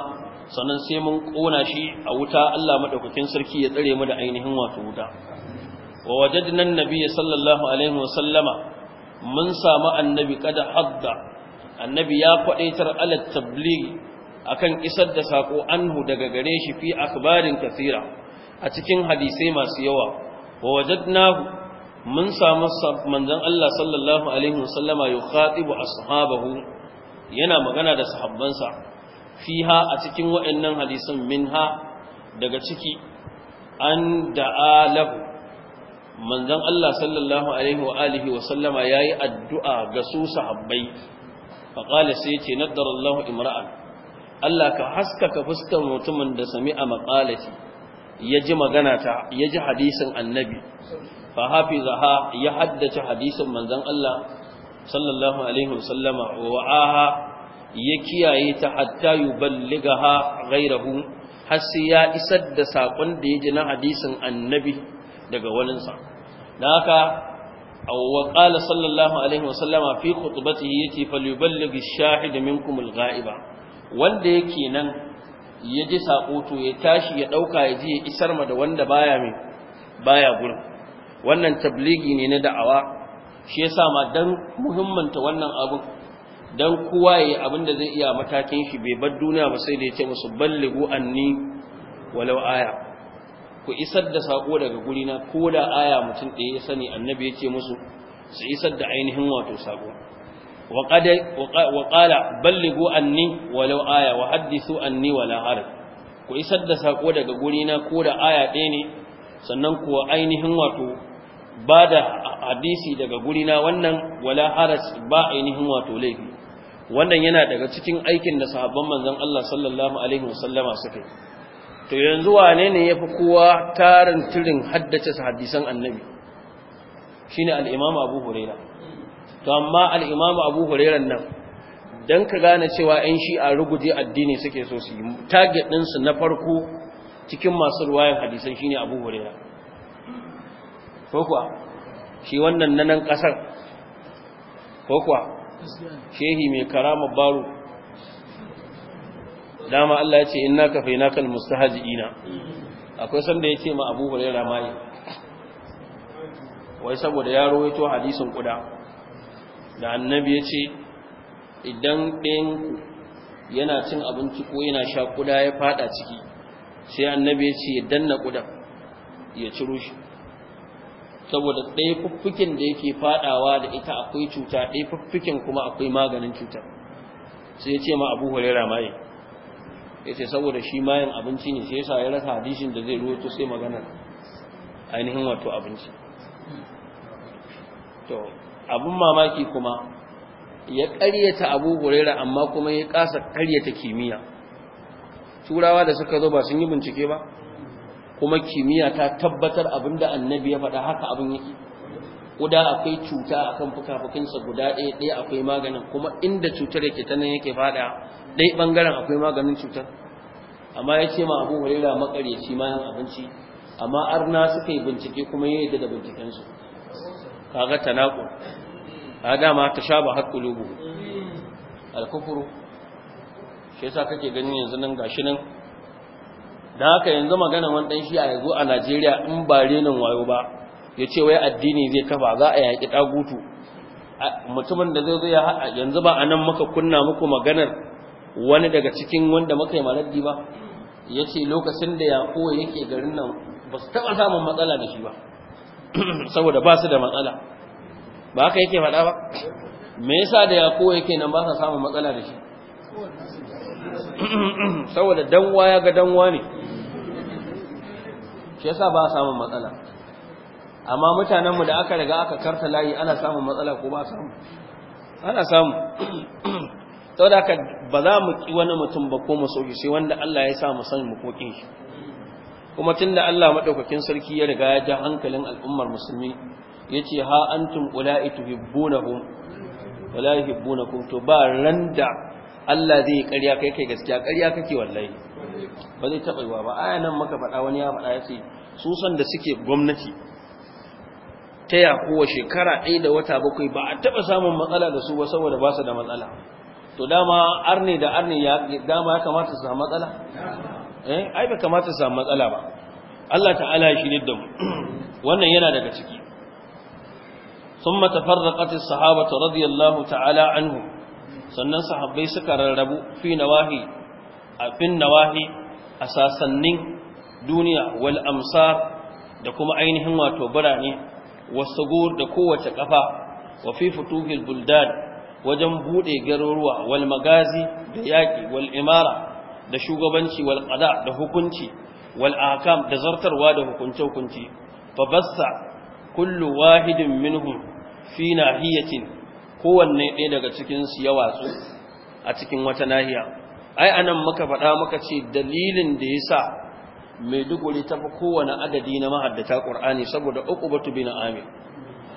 sannan sai mun kona shi a wuta Allah madaukakin sarki ya tsare mu da ainihin wato wuta wa wajadna annabiyya sallallahu alaihi wa sallama mun samu annabi kada hadda annabi ya kwadaitar alat tabligh akan isar da sako anhu daga gare shi fi akhbarin kathira a cikin hadisai masu yawa wa wajadnahu mun samu manzon Allah sallallahu alaihi wasallama yukhatibu ashabahu yana magana da sahabbansa fiha a cikin waɗannan hadisan minha daga ciki an da'a lahu manzon Allah sallallahu alaihi wa alihi wasallama yayi addu'a ga su sahabbai faqala sai yace naddara Allahu imra'an Allah ka haskaka fuskar mutumin da sami a maƙalaci, ya ji magana ta ya ji hadisin annabi fa ha ya haddace hadisin manzon Allah sallallahu alaihi wasallama aha ya kiyaye ta hatta yuballighaha ghayrahu har ya isar da sakon da ya ji na hadisin annabi daga walinsa da haka wa qala sallallahu alaihi wasallama fi khutbatihi yati falyuballigh ash-shahid minkum al-ghaiba wanda yake nan ya ji sako to ya tashi ya ɗauka ya ji ya isar ma da wanda baya mai baya gurin wannan tabligi ne na da'awa shi yasa ma dan muhimmanta wannan abun dan kowa yayi abin da zai iya matakin shi bai bar duniya ba sai da yace musu balligu anni walau aya ku isar da sako daga gurina ko da aya mutum ɗaya ya sani annabi yace musu su isar da ainihin wato sako وقد وقال بلغوا عني ولو آية وحدثوا عني ولا حرج ku isar da sako daga gurina ko da aya ɗaya ne sannan kuwa ainihin wato ba da hadisi daga gurina wannan wala haras ba ainihin wato laifi wannan yana daga cikin aikin da sahabban manzon Allah sallallahu alaihi wasallama suka yi to yanzu wane ne yafi kowa tarin tirin haddace hadisan annabi shine al-imam Abu Hurairah to amma al'imamu abu hurairan nan don ka gane cewa ƴan a ruguje addini suke so su yi target ɗinsu na farko cikin masu ruwayan hadisan shi ne abu huraira ko kuwa shi wannan nanan kasar ko kuwa shehi mai karama baro dama Allah ya ce musta haji ina akwai sanda ya ce ma Abu Hurairah mai wai saboda ya rawaito hadisin kuda da annabi ya ce idan ɗayanku yana cin abinci ko yana sha kuda ya fada ciki sai annabi ya ce ya danna kuda ya ciro shi saboda ɗaya fuffukin da yake fadawa da ita akwai cuta ɗaya fuffukin kuma akwai maganin cuta sai ya ce ma abu hulera maye ya ce saboda shi mayan abinci ne sai sa ya rasa hadishin da zai ruwato sai magana ainihin wato abinci to abin mamaki kuma ya ƙaryata abu huraira amma kuma ya ƙasa ƙaryata kimiyya turawa da suka zo ba sun yi bincike ba kuma kimiyya ta tabbatar abin da annabi ya faɗa haka abin yake guda akwai cuta akan fuka-fukinsa guda ɗaya ɗaya akwai maganin kuma inda cutar yake ta nan yake faɗa ɗaya ɓangaren akwai maganin cutar amma ya ce ma abu huraira makaryaci mayan abinci amma arna suka yi bincike kuma ya yi da bincikensu kaga tanaqul a dama ta shaba haqqulubu al-kufru shi yasa kake gani yanzu nan gashi nan da haka yanzu magana wani dan shi a yanzu a Najeriya in ba renin wayo ba yace wai addini zai kafa za a yaki dagutu mutumin da zai zo ya yanzu ba anan muka kunna muku maganar wani daga cikin wanda muka yi maladdi ba yace lokacin da kowa yake garin nan ba su taɓa samun matsala da shi ba saboda ba su da matsala ba haka yake faɗa ba me yasa da ya ko yake nan ba sa samun matsala da shi saboda danwa ya ga danwa ne shi yasa ba samun matsala amma mutanenmu da aka riga aka karta layi ana samun matsala ko ba samu ana samu saboda haka ba za mu ki wani mutum ba ko mu soki sai wanda Allah ya sa mu san mu kokin shi kuma tun da Allah madaukakin sarki ya riga ya ja hankalin al'ummar musulmi yace ha antum ula'i tuhibbunahum wala yuhibbunakum to ba randa Allah zai ƙarya kai kai gaskiya ƙarya kake wallahi ba zai taɓa yiwa ba aya nan muka faɗa wani ya faɗa yace su san da suke gwamnati ta ya kowa shekara ɗaya da wata bakwai ba a taba samun matsala da su ba saboda ba su da matsala to dama arne da arne ya dama ya kamata su samu matsala eh ai ba kamata su samu matsala ba Allah ta'ala ya shirye da mu wannan yana daga ciki thumma tafarraqat as-sahabatu radiyallahu ta'ala anhu sannan sahabbai suka rarrabu fi nawahi a fin nawahi a sasannin duniya wal amsar da kuma ainihin wato birane wasagur da kowace kafa wa fi futuhil buldan wajen buɗe garuruwa wal magazi da yaƙi wal imara da shugabanci wal qada da hukunci wal ahkam da zartarwa da hukunce hukunci fa bassa kullu wahidin minhum fi nahiyatin kowanne ɗaya daga cikin su ya watsu a cikin wata nahiya ai anan muka faɗa muka ce dalilin da yasa mai ta fi kowane adadi na mahaddata Qur'ani saboda uqubatu bin Amir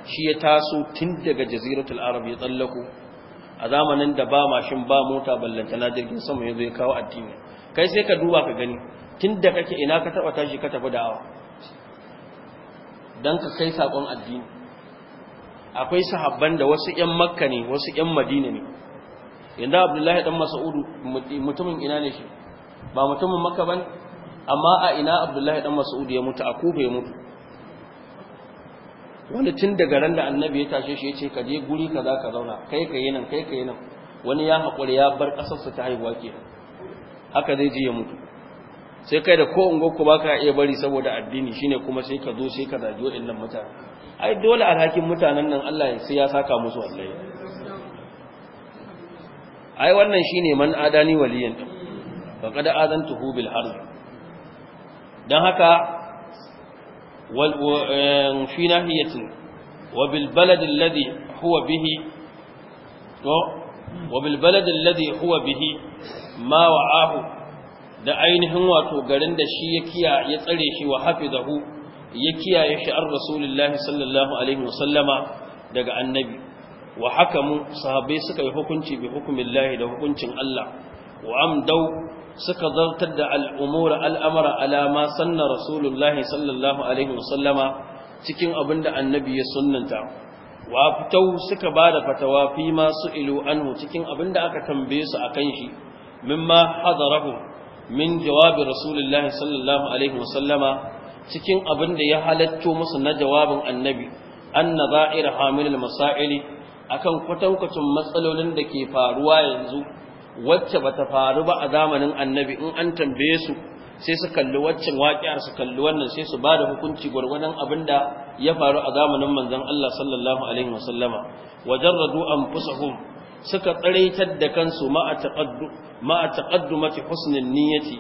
shi ya taso tun daga Jaziratul Arab ya tsallako a zamanin da ba mashin ba mota na jirgin sama yanzu ya kawo addini kai sai ka duba ka gani tun da kake ina ka taba tashi ka tafi da'awa don ka kai saƙon addini akwai sahabban da wasu 'yan makka ne wasu 'yan madina ne Yanda abdullahi dan mas'udu mutumin ina ne shi ba mutumin makka bane amma a ina abdullahi dan mas'udu ya mutu a kufa ya mutu wani tun daga ran da annabi ya tashe shi ya ce ka je guri za ka zauna kai ka yi nan kai ka yi nan wani ya haƙuri ya bar ƙasarsa ta haihuwa ke haka zai ji ya mutu sai kai da ko ungo ku baka iya bari saboda addini shine kuma sai ka zo sai ka zagi wa'annan mutane ai dole alhakin mutanen nan Allah sai ya saka musu wallahi ai wannan shine man adani waliyan faqad adantuhu bil ardh dan haka في ناحية وبالبلد الذي هو به وبالبلد الذي هو به ما وعاه da ainihin wato garin da shi ya kiya ya tsare shi wa hafizahu ya kiyaye shi ar rasulullahi sallallahu alaihi wasallama daga annabi wa hakamu sahabbai suka yi hukunci bi hukumillahi da hukuncin Allah wa amdau suka zartar da al'umura al'amara alama sannan rasulullahi sallallahu alaihi wasallama cikin abin da annabi ya sunanta wa fitau suka ba da fatawa fi masu ilu anhu cikin abin da aka tambaye su a kan shi mimma hadarahu min jawabin rasulullahi sallallahu alaihi wasallama cikin abin da ya halatto musu na jawabin annabi anna za'ir hamilul masaili akan kwatankwacin matsalolin da ke faruwa yanzu wacce bata faru ba a zamanin annabi in an tambaye su sai su kalli waccan waƙiyar su kalli wannan sai su ba da hukunci gwargwadon abin da ya faru a zamanin manzon Allah sallallahu alaihi radu'an wajarradu anfusahum suka tsaraitar da kansu ma'a taqaddu ma'a taqaddumati husnin niyyati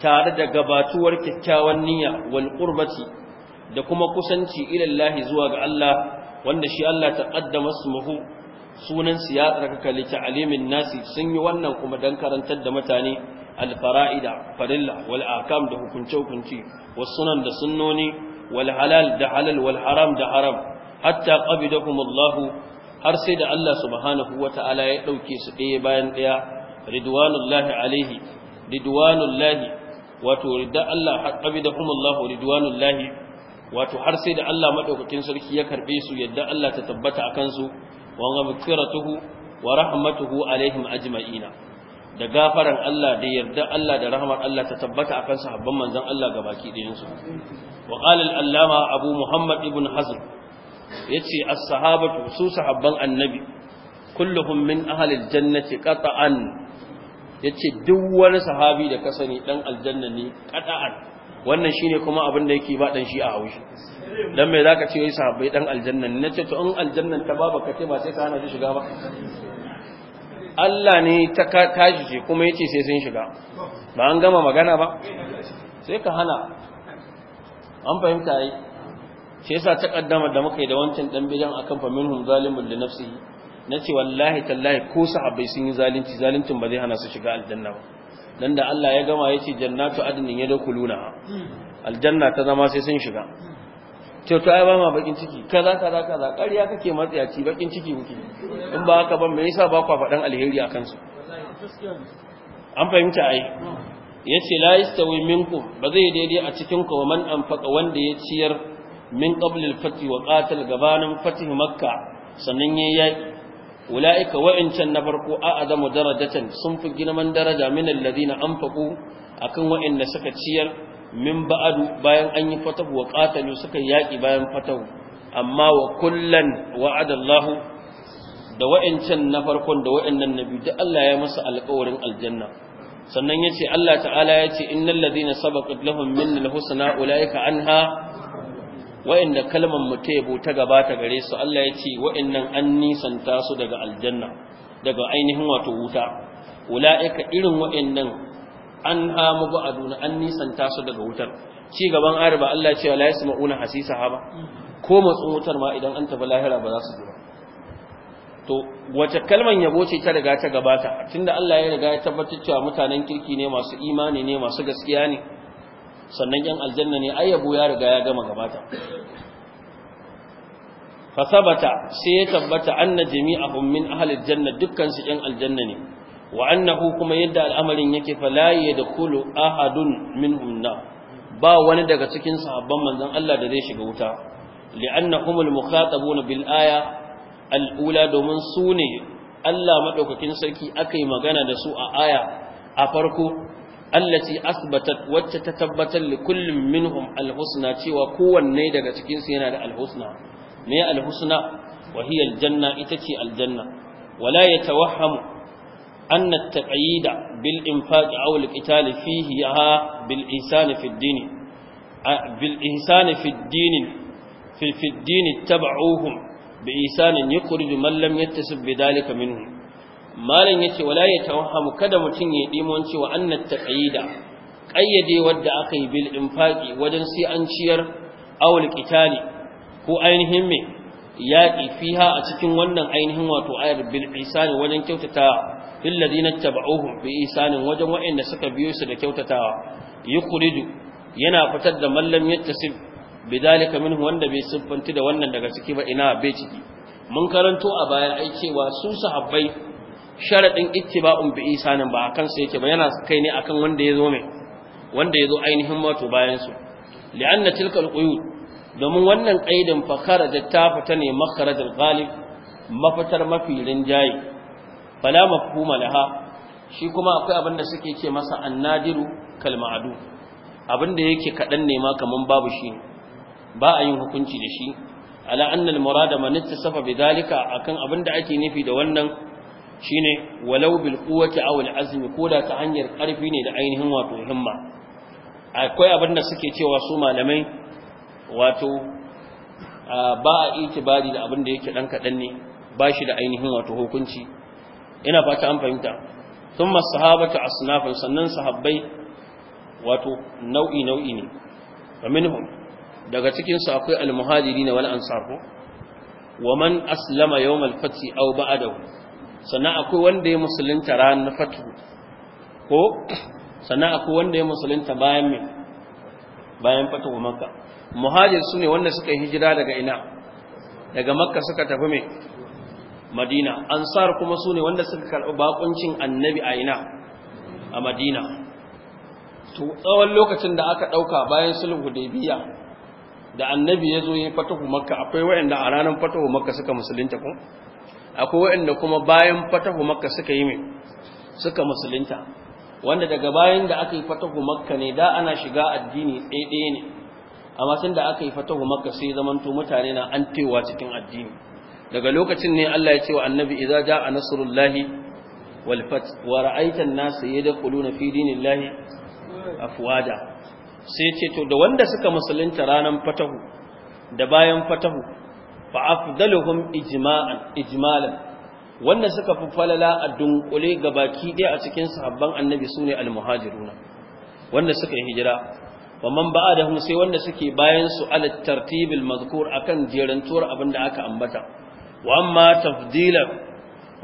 tare da gabatuwar kyakkyawan niyya wal qurbati da kuma kusanci ila Allah zuwa ga Allah wanda shi Allah taqaddama ismuhu sunan su ya tsarkaka li ta'limin nasi sun yi wannan kuma dan karantar da mutane al-fara'ida farilla wal ahkam da hukunce hukunce was sunan da sunnoni wal halal da halal wal haram da haram hatta qabidahum Allah har sai da Allah subhanahu wata'ala ya dauke su ɗaya bayan ɗaya ridwanullahi alaihi ridwanullahi wato ridda Allah har qabidahum Allah ridwanullahi wato har sai da Allah madaukakin sarki ya karbe su yadda Allah ta tabbata a kansu. ومغفرته ورحمته عليهم أجمعين da gafaran Allah da yarda Allah da rahmar Allah ta tabbata akan sahabban manzon Allah gabaki ɗayan su wa qala al-allama Abu Muhammad ibn Hazm yace as-sahabatu su sahabban annabi kulluhum min ahli al-jannati qata'an yace duk wani sahabi da kasani dan aljanna ne qata'an wannan shine kuma abin da yake ba dan shi a haushi dan me zaka ce wai sahabbai dan aljanna ne nace to in aljanna ta baba ka ce ba sai ka hana shi shiga ba Allah ne ta tashi ce kuma yace sai sun shiga ba an gama magana ba sai ka hana an fahimta yi shi yasa ta kaddama da muka yi da wancan dan bidan akan fa minhum zalimul li nafsihi nace wallahi tallahi ko sahabbai sun yi zalunci zaluncin ba zai hana su shiga aljanna ba dan da Allah ya gama yace jannatu adnin yadkhuluna aljanna ta zama sai sun shiga ce to ai ba ma bakin ciki kaza kaza kaza ƙarya kake matsayaci bakin ciki kuke in ba haka ba me yasa ba kwa faɗan alheri a kansu an fahimta ai yace la yastawi minkum ba zai daidai a cikin ku man anfaqa wanda ya ciyar min qabl al-fath wa qatal gabanin fath makka sannan yayi yaki ulaika wa'incan na farko a adamu darajatan sun fi girman daraja min alladhina anfaqu akan wa'inda suka ciyar min ba'adu bayan an yi fatahu wa qatalu suka yaki bayan fatahu amma wa kullan wa'ada Allah da wa'incan na farkon da wa'annan nabi da Allah ya masa alƙawarin aljanna sannan yace Allah ta'ala yace innal ladina sabaqat lahum min alhusna ulaika anha wa'anda kalmar mutayyibu ta gabata gare su Allah yace wa'annan an nisanta su daga aljanna daga ainihin wato wuta ulaika irin wa'annan an ha mubaduna an nisanta su daga wutar ci gaban arba Allah cewa la una hasisa ba ko matsun wutar ma idan an tafi lahira ba za su ji ba to wace kalman yabo ce ta riga ta gabata tunda Allah ya riga ya tabbatar cewa mutanen kirki ne masu imani ne masu gaskiya ne sannan yan aljanna ne ai yabo ya riga ya gama gabata sabata sai ya tabbata anna jami'ahum min ahli aljanna dukkan su yan aljanna ne wa'annahu kuma yadda al'amarin yake fa da kulu ahadun min na ba wani daga cikin sahabban manzan Allah da zai shiga wuta li'annahum al-mukhatabun bil aya al'ula ula domin su ne Allah madaukakin sarki yi magana da su a aya a farko allaci asbatat wacce ta tabbatar li kullum minhum al-husna cewa kowanne daga cikinsu yana da al-husna me al-husna janna ita ce al-janna wala tawahamu. أن التقييد بالإنفاق أو القتال فيه يها بالإنسان في الدين بالإنسان في الدين في, في الدين اتبعوهم بإنسان يخرج من لم يتسب بذلك منهم ما لن يتي ولا يتوهم كذا متين يديمون وأن التقييد قيدي ود أخي بالإنفاق ودنسي أنشير أو القتال ko ainihin me yaƙi fiha a cikin wannan ainihin wato ayar bil isani wajen kyautata fil na tabauhum bi isanin wajen wa'inda suka biyo su da kyautatawa yukhriju yana fitar da mallam yattasib bidalika min wanda bai siffanti da wannan daga ciki ba ina bai ciki mun karanto a baya ai cewa su sahabbai sharadin ittiba'un bi isanin ba akan su yake ba yana kai ne akan wanda yazo mai wanda ainihin wato bayan su li'anna tilka alquyud domin wannan qaidin fa kharaja ta fita ne makharajal ghalib mafatar mafi rinjayi fala mafhuma laha shi kuma akwai abin da suke ce masa annadiru kalma'adu abin da yake kaɗan ne ma kaman babu shi ba a yin hukunci da shi ala annal murada man ittasafa bidalika akan abin da ake nufi da wannan shine walau bil quwwati aw al azmi koda ta hanyar karfi ne da ainihin wato himma akwai abin da suke cewa su malamai wato ba a itibari da abin da yake dan kaɗan ne ba shi da ainihin wato hukunci ina fata an fahimta thumma sahabatu asnafun sannan sahabbai wato nau'i nau'i ne wa minhum daga cikin su akwai al-muhajirin wal ansar ko wa man aslama yawm al-fath aw ba'dahu sannan akwai wanda ya musulunta ran na fatu ko sannan akwai wanda ya musulunta bayan me bayan fatu makka muhajir sune wanda suka yi hijira daga ina daga makka suka tafi me madina ansar kuma su ne wanda suka karɓi bakuncin annabi a ina a madina to tsawon lokacin da aka ɗauka bayan sulhu biya da annabi ya zo ya fatahu makka akwai wayanda a ranar fatahu makka suka musulunta ko akwai wayanda kuma bayan fatahu makka suka yi mai suka musulunta wanda daga bayan da aka yi fatahu makka ne da ana shiga addini daidai ne amma tun da aka yi fatahu makka sai zamanto mutane na antewa cikin addini daga lokacin ne Allah ya ce wa annabi idza jaa nasrullahi wal fath wa ra'aita an-nasa yadkhuluna fi dinillahi Afwada. sai ce to da wanda suka musulunta ranan fatahu da bayan fatahu fa afdaluhum ijma'an ijmalan wanda suka fi falala a dunkule gabaki ɗaya a cikin sahabban annabi sune al-muhajiruna wanda suka yi hijira ومن بعدهم sai wanda suke bayan su ala tartibil mazkur akan jerantuwar abinda aka ambata wa amma tafdilan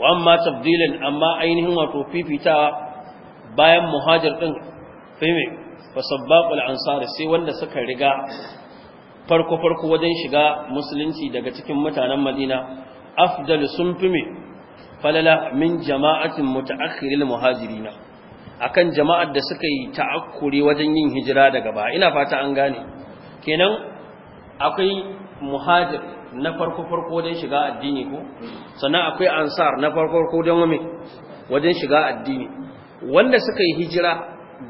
amma tafdilan amma ainihin wato fifita bayan muhajir din fime fa sabbaqul ansar sai wanda suka riga farko farko wajen shiga musulunci daga cikin mutanen Madina afdal sun fime falala min jama'atin mutaakhiril muhajirina akan jama'ar da suka yi ta'akkuri wajen yin hijira daga ba ina fata an gane kenan akwai muhajir na farko farko don shiga addini ko sannan akwai ansar na farko farko don wame wajen shiga addini wanda suka yi hijira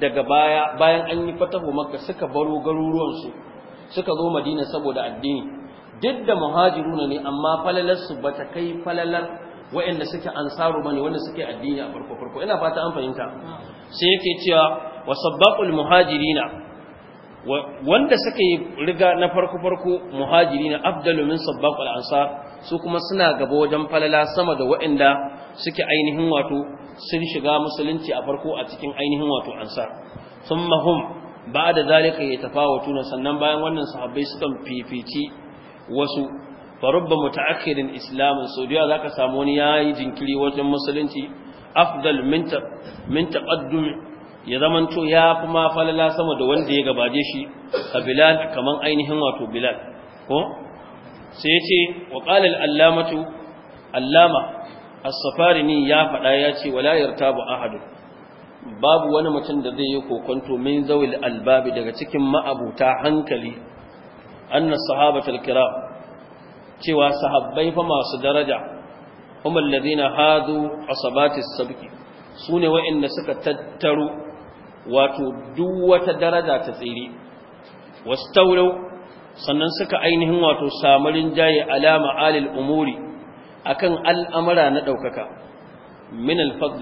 daga baya bayan an yi fatahu makka suka baro garuruwansu suka zo madina saboda addini duk da muhajiruna ne amma falalarsu ba ta kai falalar wa'anda suke ansaru bane wanda suke addini a farko farko ina fata an fahimta sai yake cewa wasabbaqul muhajirina wanda suka yi riga na farko-farko muhajiri na abdalu min al ansar su kuma suna gaba wajen falala sama da waɗanda suke ainihin wato sun shiga musulunci a farko a cikin ainihin wato ansar thumma hum ba'da zalika yatafawatuna sannan bayan wannan sahabbai sukan fifici wasu farubba muta'akkidin islamin saudiya zaka samu wani yayi jinkiri wajen musulunci afdal min min taqaddum ya zamanto ya fi ma falala sama da wanda ya gabaje shi a bilal kamar ainihin wato bilal ko sai ya ce wa qalal allamatu allama ya faɗa ya ce wala tabu ahadu babu wani mutum da zai yi kokonto min zawil albabi daga cikin ma'abuta hankali annas sahabatul kiram cewa sahabbai fa masu daraja hum alladhina hadu asabatis sabqi sune waɗanda suka tattaro wato duk wata daraja ta tsere wastaurau sannan suka ainihin wato samarin jaye alama alil umuri akan al'amara na daukaka min al-fadl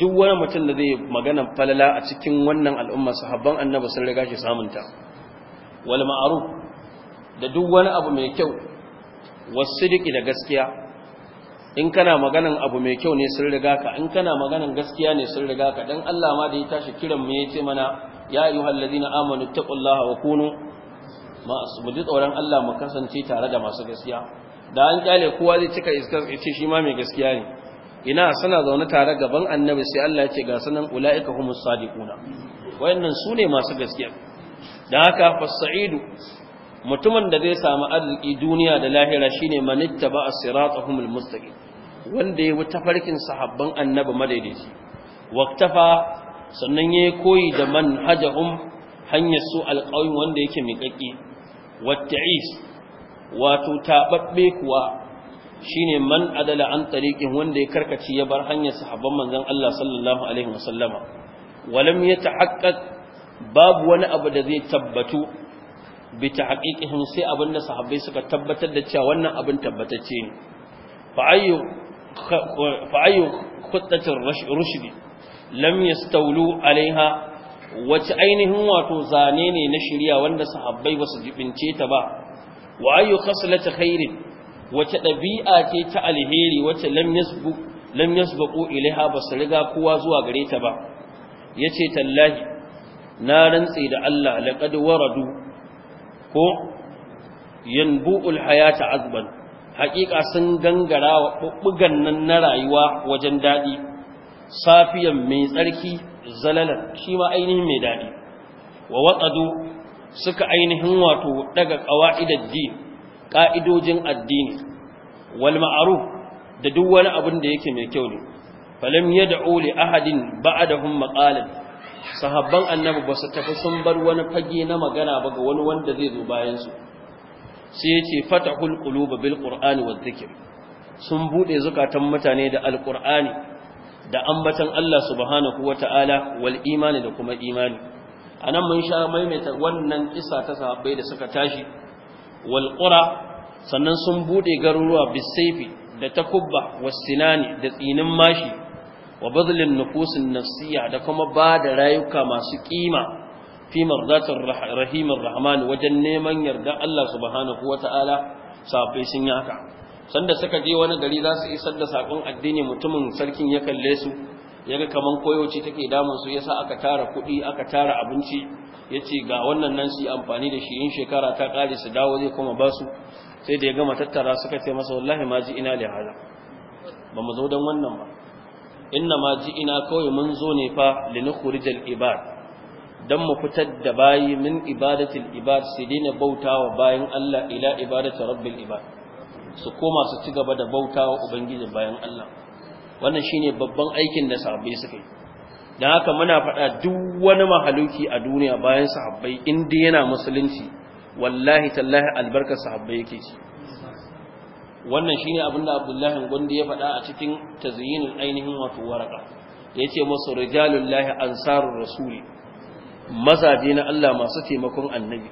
duk wani mutum da zai magana falala a cikin wannan al'umma sahabban annabi sun riga shi samunta wal ma'ruf da duk wani abu mai kyau wasidiki da gaskiya in kana maganan abu mai kyau ne sun riga ka in kana maganan gaskiya ne sun riga ka dan Allah ma da ya tashi kiran mu yace mana ya ayyuhal ladina amanu taqullaha wa kunu mu ji tsoron Allah mu kasance tare da masu gaskiya da an kyale kowa zai cika iskar yace shi ma mai gaskiya ne ina suna zaune tare gaban annabi sai Allah ya ce ga sanan ulaika humus sadiquna wayannan sune ne masu gaskiya da haka fasaidu mutumin da zai samu arziki duniya da lahira shine manitta ba as mustaqim wanda ya tafarkin farkin sahabban annabi madaidaici waqtafa sannan yayi koyi da manhajahum hanyar su alqawm wanda yake miƙaƙi watta'is wato tababbe kuwa shine man adala an tariqin wanda ya karkaci ya bar hanyar sahabban manzon Allah sallallahu alaihi wasallama walam yatahaqqaq babu wani abu da zai tabbatu bi tahqiqihim sai abin da sahabbai suka tabbatar da cewa wannan abin tabbatacce ne fa ayyu rushdi lam alaiha wace ainihin wato zane ne na shirya wanda sahabbai basu jibince ta ba wa ayyu khaslati khairin wace ɗabi'a ce ta alheri wace lam yasbu lam yasbaqu basu riga kowa zuwa gare ta ba yace tallahi na rantsi da Allah laqad waradu ko yanbu'ul hayata azban haƙiƙa sun gangara wa bubbugan nan na rayuwa wajen daɗi safiyan mai tsarki zalalan shi ma ainihin mai daɗi wa watsadu suka ainihin wato daga ƙawa'idar din ƙa'idojin addini wal ma'ruf da duk wani abin da yake mai kyau ne falam yad'u li ahadin ba'dahum maqalan sahabban annabi ba su tafi sun bar wani fage na magana ba ga wani wanda zai zo bayan su sai yace fatahul quluba bil qur'ani wa dhikr sun bude zukatan mutane da alqur'ani da ambatan Allah subhanahu wataala wal imani da kuma imani anan mun sha maimaita wannan kisa ta sahabbai da suka tashi wal qura sannan sun bude garuruwa bisayfi da takubba wasinani da tsinin mashi wa bazlin nufusin nafsiya da kuma ba da rayuka masu kima fi marzatar rahimar rahman wajen neman yarda Allah subhanahu ta'ala sabai sun yi haka sanda suka je wani gari za su isar da sakon addini mutumin sarkin ya kalle su ya ga kaman koyoci take damun su yasa aka tara kuɗi aka tara abinci ya ce ga wannan nan su yi amfani da shi in shekara ta ƙare su dawo zai kuma ba su sai da ya gama tattara suka ce masa wallahi ma ji ina da hala ba mu zo don wannan ba inna ma ina kawai mun zo ne fa linukhrijal ibad Don mu fitar da bayi min ibadatil ibad sai dai bautawa bayan Allah ila ibadati rabbil ibad su koma su ci gaba da bautawa ubangijin bayan Allah wannan shine babban aikin da sahabbai suka yi dan haka muna faɗa duk wani mahaluki a duniya bayan sahabbai in dai yana musulunci wallahi tallahi albarkar sahabbai yake ci wannan shine abin da Abdullahi Gondi ya faɗa a cikin tazyinul ainihin wato waraka yace musu rijalullahi ansarur rasuli mazaje na Allah masu taimakon annabi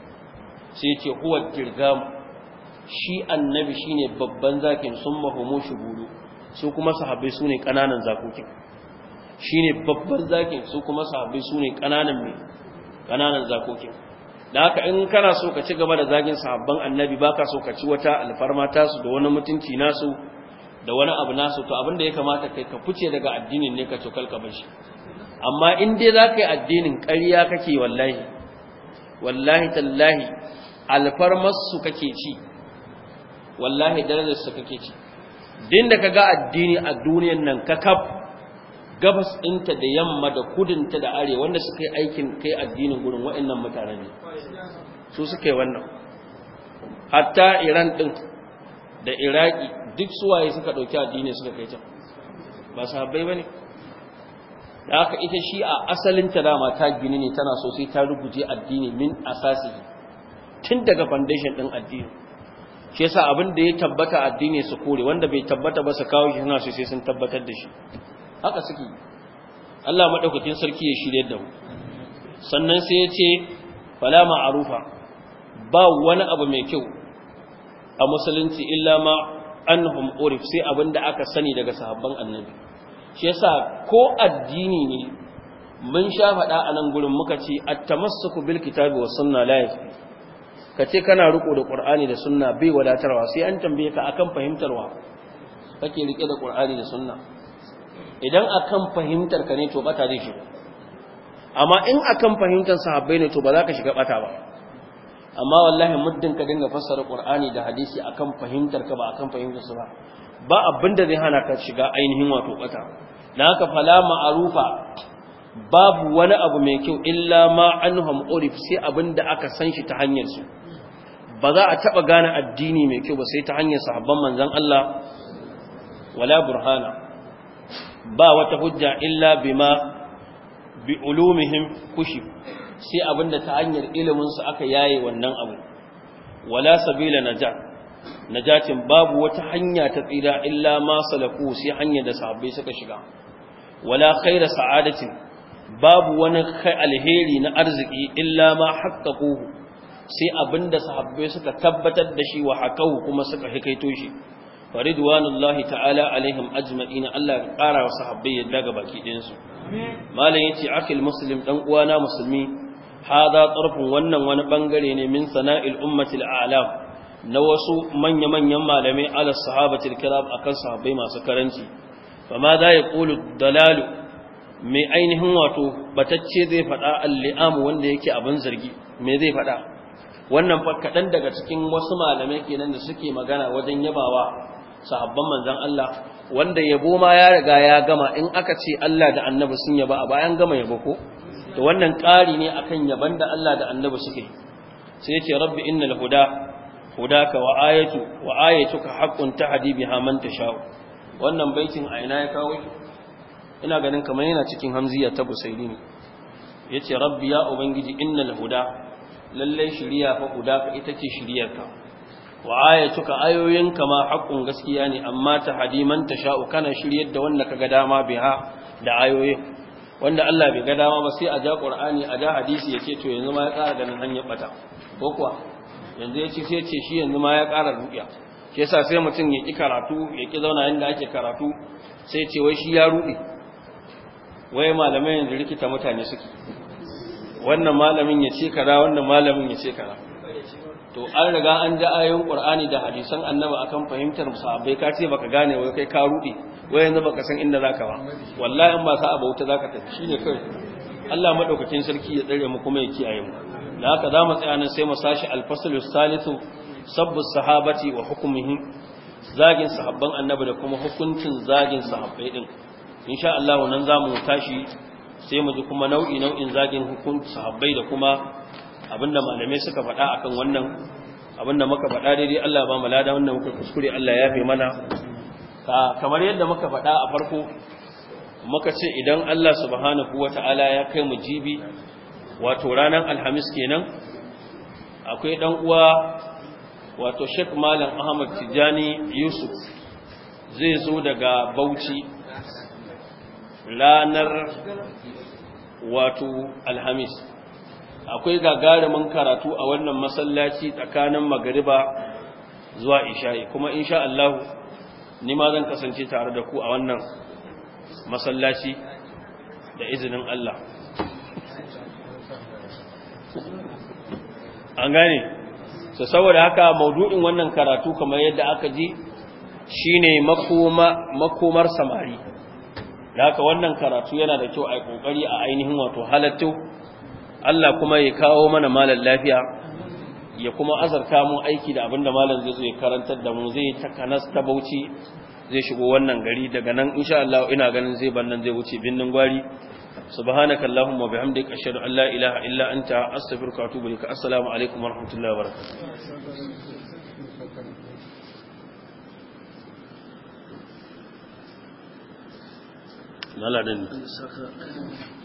sai yace huwa dirgam shi annabi shine babban zakin sun mahumu shuguru su kuma sahabbai sune kananan zakokin shine babban zakin su kuma sahabbai sune kananan me kananan zakokin da haka in kana so ka ci gaba da zagin sahabban annabi ba ka so ka ci wata alfarma su, da wani mutunci nasu da wani abu nasu to abinda ya kamata kai ka fice daga addinin ne ka cokal ka bar shi amma in dai za ka yi addinin ƙarya kake wallahi wallahi tallahi alfarmarsu kake ci wallahi darajarsu kake ci din da ka ga addini a duniyan nan ka kaf gabas ɗinta da yamma da kudinta da arewa wanda suka yi aikin kai addinin gurin waɗannan mutane ne su suka yi wannan hatta iran ɗin da iraki duk suwaye suka ɗauki addini suka kai can ba sahabbai ba ne da aka ita shi a asalinta dama ta gini ne tana so sai ta rubuce addini min asasi tun daga foundation ɗin addini shi yasa abin da ya tabbata addini su kore wanda bai tabbata ba su kawo shi suna su sai sun tabbatar da shi haka suke Allah madaukakin sarki ya shirya da mu sannan sai ya ce fala ma'arufa ba wani abu mai kyau a musulunci illa ma anhum urif sai abin da aka sani daga sahabban annabi shi yasa ko addini ne mun sha faɗa a nan gurin muka ce at-tamassuku bil kitabi was sunna la yafi kace kana riko da qur'ani da sunna bai wadatarwa sai an tambaye ka akan fahimtarwa kake rike da qur'ani da sunna idan akan fahimtar ka ne to bata zai shiga amma in akan fahimtar sahabbai ne to ba za ka shiga bata ba amma wallahi muddin ka dinga fassara qur'ani da hadisi akan fahimtar ka ba akan fahimtar su ba ba abinda zai hana ka shiga ainihin wato bata dan haka fala ma'rufa babu wani abu mai kyau illa ma anhum urif sai abinda aka san shi ta hanyar su ba za a taba gane addini mai kyau ba sai ta hanyar sahabban manzon Allah wala burhana ba wata hujja illa bima bi ulumihim kushi sai abinda ta hanyar ilimin su aka yaye wannan abu wala sabila najat najatin babu wata hanya ta tsira illa ma salaku sai hanyar da sahabbai suka shiga wala khaira sa'adatin babu wani alheri na arziki illa ma haqqaquhu sai abinda sahabbai suka tabbatar da shi wa hakau kuma suka hikaito shi faridwanullahi ta'ala alaihim na Allah ya ƙara wa sahabbai yadda ga baki ɗayan su malam yace akil muslim dan uwana musulmi hada tsarfin wannan wani bangare ne min sana'il ummatil a'lam na wasu manya-manyan malamai ala sahabatil kiram akan sahabbai masu karanci fama da ya qulu dalalu mai ainihin wato batacce zai faɗa al-li'am wanda yake abin zargi me zai faɗa wannan fa kaɗan daga cikin wasu malamai kenan da suke magana wajen yabawa sahabban manzan Allah wanda yabo ma ya riga ya gama in aka ce Allah da annabi sun yaba a bayan gama yabo ko to wannan ƙari ne akan yaban da Allah da annabi suke sai yace rabbi innal huda hudaka wa ayatu wa ayatuka haqqun tahdi biha man tashau wannan baitin a ina ya kawo ina ganin kamar yana cikin hamziya ta busaili ne yace rabbi ya ubangiji innal huda lalle shiriya fa hudaka ita ce shiriyarka wa ayatuka ayoyin ma haƙƙun gaskiya ne amma ta hadiman ta sha'u kana shiryar da wanda kaga dama biha da ayoyin wanda Allah bai ga dama ba sai a ja Qur'ani a ja hadisi yace to yanzu ma ya ƙara ganin hanyar bata ko kuwa yanzu yace sai ce shi yanzu ma ya ƙara ruɗiya shi yasa sai mutum ya ki karatu ya ki zauna inda ake karatu sai ce wai shi ya ruɗe wai malamai yanzu rikita mutane suke wannan malamin ya ce kaza wannan malamin ya ce kaza to an riga an ji ayoyin qur'ani da hadisan annabi akan fahimtar abai ka ce baka gane wai kai ka rude wai yanzu baka san inda zaka ba wallahi in ba sa abu wuta zaka tafi shine kai Allah madaukakin sarki ya tsare mu kuma ya kiyaye mu da haka za mu tsaya nan sai mu sashi al-fasl salisu sabbu sahabati wa hukmuhum zagin sahabban annabi da kuma hukuncin zagin sahabbai din insha Allah nan za mu tashi sai mu ji kuma nau'i nau'in zagin hukuncin sahabbai da kuma abinda malamai suka faɗa akan wannan abinda muka faɗa daidai Allah ba mu wannan muka kuskure Allah ya fi mana kamar yadda muka faɗa a farko muka ce idan Allah subhanahu wata'ala ya kai mu jibi wato ranar alhamis kenan akwai dan uwa wato Sheikh Malam Ahmad Tijani Yusuf zai zo daga Bauchi ranar wato alhamis akwai gagarumin karatu a wannan masallaci tsakanin magariba zuwa isha'i kuma insha Allah ni ma zan kasance tare da ku a wannan masallaci da izinin Allah an gane saboda haka maudu'in wannan karatu kamar yadda aka ji shine makoma makomar samari da haka wannan karatu yana da kyau a ƙoƙari a ainihin wato halatto Allah kuma ya kawo mana malan lafiya ya kuma azarta mu aiki da abinda malan zai so ya karantar da mu zai takanas ta bauchi zai shigo wannan gari daga nan insha Allah ina ganin zai bar nan zai wuce binnin gwari subhanaka allahumma bihamdika ashhadu an la ilaha illa anta astaghfiruka wa atubu ilaik assalamu alaikum wa rahmatullahi wa barakatuh Lala